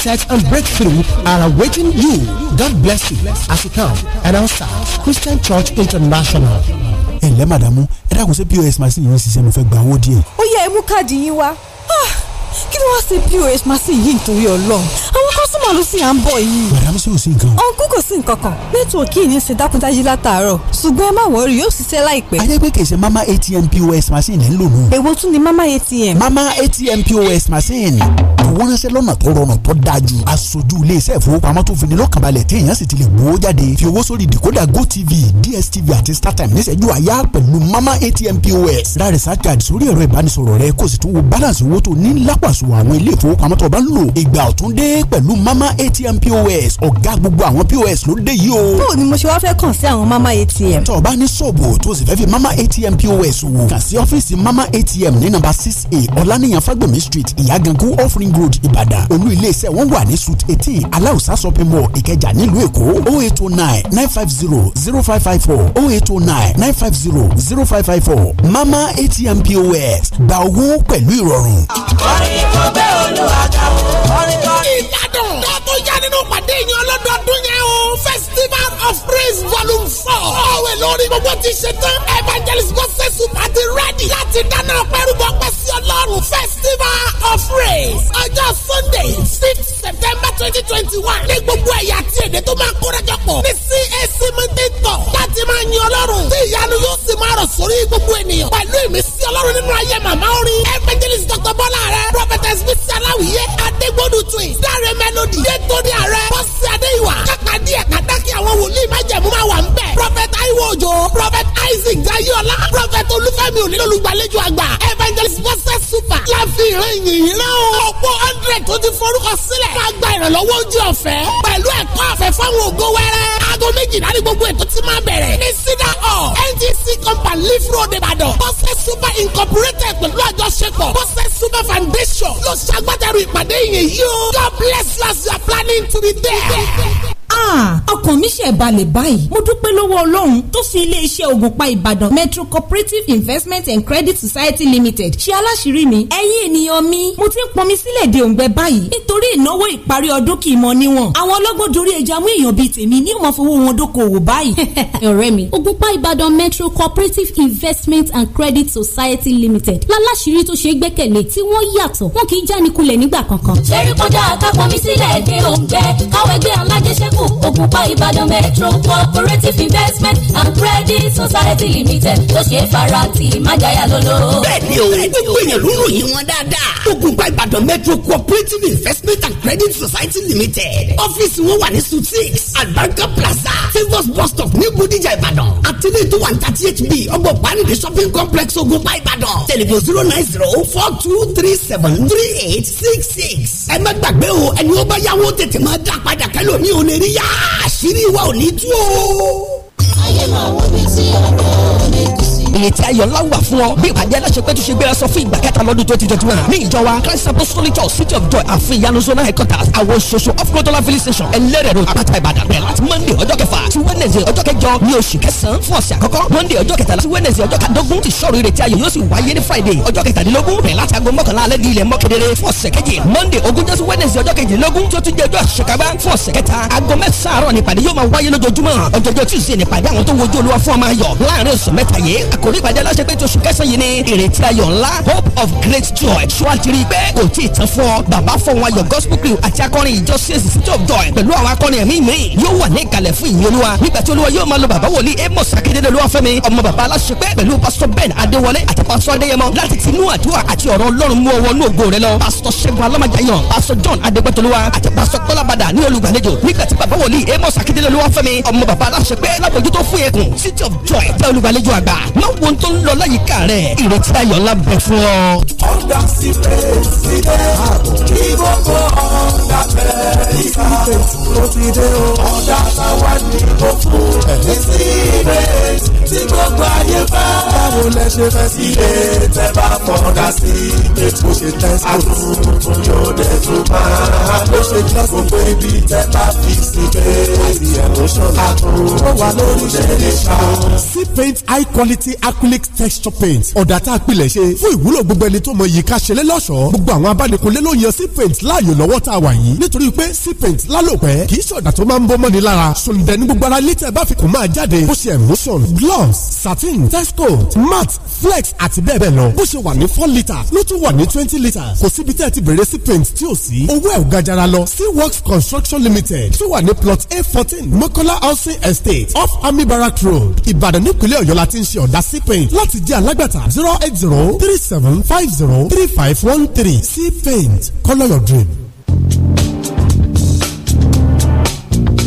success and breakthrough are awaiting you. God bless you as you come and Christian Church International. ẹ ǹlẹ́ màdàmú ẹ dákun sí pos machine yìí ń ṣiṣẹ́ mo fẹ́ gba owó díẹ̀. ó yẹ ẹ káàdì yín wá ah, kí ló wá sí pos machine yìí nítorí Ọlọ́run àwọn kan náà ló sì à ń bọ̀ yìí. bàdá mi sì ò sí nǹkan. ọ̀nkú kò sí nǹkan kan nẹ́tíwọ̀kì yìí ní ṣe dákúndájí látàárọ̀ ṣùgbọ́n ẹ má wọrí yóò ṣiṣẹ́ láìpẹ́. ajẹ́ pé kì í ṣe mama atm pos machine ń lò nù. èwo tún ni mama atm. mama atm pos machine owó ránṣẹ́ lọ́nà tó rọrùn tó dájú aṣojú iléeṣẹ́ ìfowópamọ́ tó fini lọ́kànbalẹ̀ tí èèyàn sì ti lè gbowó jáde fi owó sórí decoder gotv dstv àti startime níṣẹ́jú àyà pẹ̀lú mama atm pos ra research card sórí ẹ̀rọ ìbánisọ̀rọ̀ rẹ kó sì tún wo balance owó tó ní lápàṣọ àwọn ilé ìfowópamọ́ tó bá ń lò ìgbà ọ̀tún dé pẹ̀lú mama mama atm pos ọ̀gá gbogbo àwọn pos ló dé yìí o. bó o ni mo ṣe wá fẹ́ kàn sí àwọn mama atm. tó o bá ní ṣòbò tó sì fẹ́ fi mama atm pos wò kàn sí ọ́fíìsì mama atm ní nàmbà six a ọ̀lànìyàn fagbemi street ìyàgànkù Offering road ìbàdàn olú iléeṣẹ́ wọn wà ní suite eighteen aláùsá shopping mall ìkẹjà nílùú èkó oh eight oh nine nine mama atm pos gba owó pẹ̀lú ìrọ̀rùn. ọ̀rẹ́ ìfọ̀bẹ́ olùwàgà ọ̀rẹ́ ìbàdàn ká tó yá nínú pàdé yẹn ọlọ́dọọdún yẹn o festival of praise volume four. ọ̀wẹ̀ lórí gbogbo ti ṣe tán evangelist gospel super ti rẹ́dì láti dáná pẹ́rúbọ pẹ́ sí ọlọ́run festival of praise ọjọ́ sunday six september twenty twenty one ní gbogbo ẹ̀yà àti èdè tó máa kórajọ pọ̀ ní cac mọ́tẹ́tọ̀ láti máa yin ọlọ́run tí ìyanu yóò sì máa rọ̀ sórí gbogbo ènìyàn pẹ̀lú ìmísí ọlọ́run nínú ayé màmá orin evangelist dr bísí aláwìyé adégbòdù twins dáre melody détóní ààrẹ bọ́sì adéyíwá kákàdí ẹ̀ kàdákì àwọn wòlíì májẹ̀mú máa wà ń bẹ̀. Taiwo Òjó prophet Isaac Dayọ̀lá prophet Olúfẹ́mi Onílolùgbàlejò agba. evangelist Moses Super láfi ìran ìyìn rẹ̀ o. ọ̀pọ̀ hundred tó ti forúkọ sílẹ̀ máa gba ìrànlọ́wọ́ ojú ọ̀fẹ́ pẹ̀lú ẹ̀kọ́ ọ̀fẹ́ fáwọn ògo wẹ́rẹ́. aago méjìlá ní gbogbo ètò tí máa bẹ̀rẹ̀ ní cedar hall ntc company leaf road Ìbàdàn Moses Super incorporated pẹ̀lú àjọṣepọ̀ Moses Super foundation ló ṣàgbátẹrù ìpàdé ìyẹn yìí o. God bless you as you are planning to be there. Ah, ọkàn mi ṣe balẹ̀ báyìí mo dúpẹ́ lọ́wọ́ ọlọ́run tó fi iléeṣẹ́ ògùnpá ìbàdàn metro cooperative investment and credit society limited ṣe aláṣírí mi ẹ̀yin ènìyàn mi mo ti ń pọnmi sílẹ̀ de òǹgbẹ báyìí nítorí ìnáwó ìparí ọdún kì í mọ níwọ̀n àwọn ọlọ́gbọ́n dorí ẹja mú èèyàn bíi tèmi ní ìmọ̀ fowó wọn dókòwò báyìí. ọ̀rẹ́ mi ògùnpá ìbàdàn metro cooperative investment and credit society limited láláṣírí tó ṣe gbẹ́kẹ̀lé tí wọ́n yàtọ̀ wọn kì í jánikulẹ̀ nígbà kankan. ṣe rí kọjá àkàpọ̀ mi sílẹ̀ de yakubu ògùnpá ìbàdàn metro cooperative investment and credit society limited tó ṣe é fara ti májàyà lọ́lọ́. bẹ́ẹ̀ni o gbogbo èèyàn ló ròyìn wọn dáadáa ògùnpá ìbàdàn metro cooperative investment and credit society limited ọ́fíìsì wọn wà ní suite six albarka plaza favours bus stop ní bódìjà ìbàdàn àtẹlẹ tó wà ní thirty eight b ọgbọ̀n panidi shopping complex ògùnpá ìbàdàn tẹlifon zero nine zero four two three seven three eight six six ẹ má gbàgbé o ẹni ó bá yáwó tètè máa dá padà kẹ́lò ní òní yá àṣírí wa ò ní tú o. ayé máa wọ́n mi sí ọ̀dọ́. èyí tí ayọ̀lá wà fún ọ bí ìpàdé aláṣepẹ́ sọ fún ìgbà kẹta lọ́dún twenty twenty one ní ìjọba christ apostolic church city of joy àfin ìyanu zona headquarters àwọn ṣoṣo off rotola village station ẹlẹ́rẹ̀ road àpáta ìbàdàn bẹ̀rẹ̀ láti monday ọjọ́ kẹfà sí wednesday ọjọ́ kẹjọ ní oṣù kẹsàn-án fún ọ̀sẹ̀ àkọ́kọ́ monday ọjọ́ kẹtàlá sí wednesday ọjọ́ kàdógún ti sọ̀rọ̀ ìrètí friday wednesday tuesday àkórí ìpàdé aláṣẹpẹ́ tó oṣù kẹsàn yìí ni ìrètí ayọ̀ ńlá hope of great joy ṣọ́àtìrí pé kò tí ì tán fún ọ bàbá fún wọn ayọ̀ gospel crew àti akọrin ìjọ csc city of joy pẹ̀lú àwọn akọrin ẹ̀mí mi yóò wà ní ìkàlẹ̀ fún ìyẹn olúwa nígbà tí olúwa yóò máa lo bàbá wòlíì amos akíndélé olúwa fẹ́mi ọmọ bàbá aláṣẹpẹ́ pẹ̀lú pásítọ̀ ben adéwọlé àti pásítọ̀ adéyẹmọ láti ti nú àdúrà àti ọ̀rọ̀ ọlọ́run mú ọwọ́ ní ògo rẹ lọ pásítọ̀ ṣẹ́gun alámájayàn pásítọ̀ john adégbẹ́tolúwa àti pásítọ̀ kọ́lábàdà ní olùgbàlejò nígbà tí bàbá wòlíì amos akíndélé olúwa fẹ́mi ọmọ bàbá aláṣẹpẹ́ lábòjútó fún ẹkùn city of joy jẹ́ olùgbàlejò àgbà náà wo tó ń lọ láyìíká rẹ̀ ìrètí ayọ̀ ńlá bẹ fún ọ. ọ̀dà sílẹ̀ sílẹ̀ kí gbogbo ọ̀dà bẹ̀rẹ̀ ìta tó ti dé o. ọ̀dà táwa ní kò fún ẹ̀mí tí gbogbo ayé bá. báwo lẹ ṣe fẹ́ sílẹ̀ tẹ bá fọ́dà sí ilé tó ṣe tẹ́sí. àtúntò yóò dé tó máa ló ṣe tẹ́sí. gbogbo ibi tẹ bá fi síbẹ̀ àti ẹ̀rọ ṣọlá tó wà lórí ṣẹlẹ̀ ṣá. cpaint high quality acrylic texture paint ọ̀dà tá a pilẹ̀ ṣe fún ìwúlò gbogbo ẹni tó mọ yìí ká ṣe lẹ́lọ́ṣọ̀ọ́ gbogbo àwọn abánikunlé ló yan sea paint láàyò lọ́wọ́ tá a wà yìí nítorí pé sea paint lálòpẹ́ kì í ṣọ̀dà tó máa ń bọ́ mọ́ni lára sòlùdẹ̀ ní gbogbo ara létẹ̀ bá fi kùn máa jáde bó ṣe emulsion gloss satin texcoat matte flex àti bẹ́ẹ̀ bẹ́ẹ̀ lọ bó ṣe wà ní four litres ló tún wà ní twenty litres kò síbi tẹ́ ẹ ti bẹ̀rẹ̀ sea paint tí ò sí owó ẹ̀ gajara lọ sea works construction limited tó wà ní plot a fourteen mokola housing estate off army barrack road ìbàdàn nípínlẹ̀ ọ̀yọ́ la ti ń ṣe ọ̀dà cpaint láti jẹ́ alágbàtà zero eight zero three seven five zero three five one three cpaint colour your dream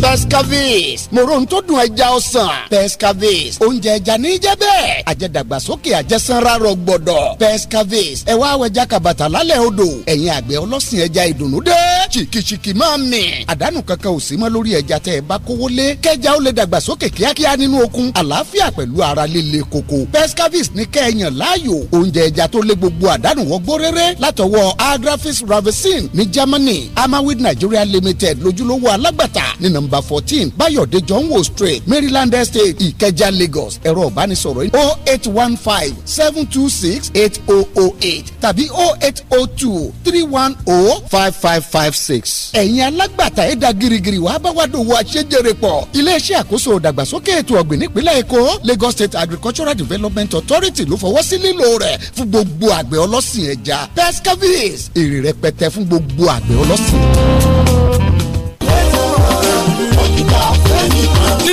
pescavis mòró ń tó dùn ẹja ọsàn pescavis oúnjẹ ẹja ní í jẹ́ bẹ́ẹ̀ àjẹdàgbàsókè àjẹsánra rọ gbọ́dọ̀ pescavis ẹ wá wẹja kàbàtà lálẹ́ odò ẹ̀yin àgbẹ̀ ọlọ́sìn ẹja ìdùnnú dé chìkìchìkì máa mì àdánù kankan ò sí mọ́ lórí ẹja tẹ́ ẹ bá kówó lé kẹja ó lè dàgbàsókè kíákíá nínú okun àlàáfíà pẹ̀lú ara líle koko pescavis ní kẹ́ẹ̀yàn láàyò oúnjẹ ẹja tó lé gbogbo àdánù wọgbó rere látọwọ́ agrafis ravicin ní Germany amawid Nigeria limited lójúlówó alágbàtà ní nọ́mbà Number fourteen Bayọ̀dé Johnwo Street Maryland Estate Ìkẹjà Lagos ẹ̀rọ ìbánisọ̀rọ̀ o oh eight one five seven two six eight o oh o oh eight tàbí o eight o two three one o five five five six. ẹ̀yin alágbàtà ẹ̀dá girigiri wàá bá wá dòwò àṣejèrè pọ̀ iléeṣẹ́ àkóso ìdàgbàsókè ètò ọ̀gbìn nípínlẹ̀ Èkó Lagos State Agricultural Development Authority ló fọwọ́ sí lílo rẹ̀ fún gbogbo àgbẹ̀ ọlọ́sìn ẹja pescavis èrè rẹpẹtẹ fún gbogbo àgbẹ̀ ọlọ́sìn.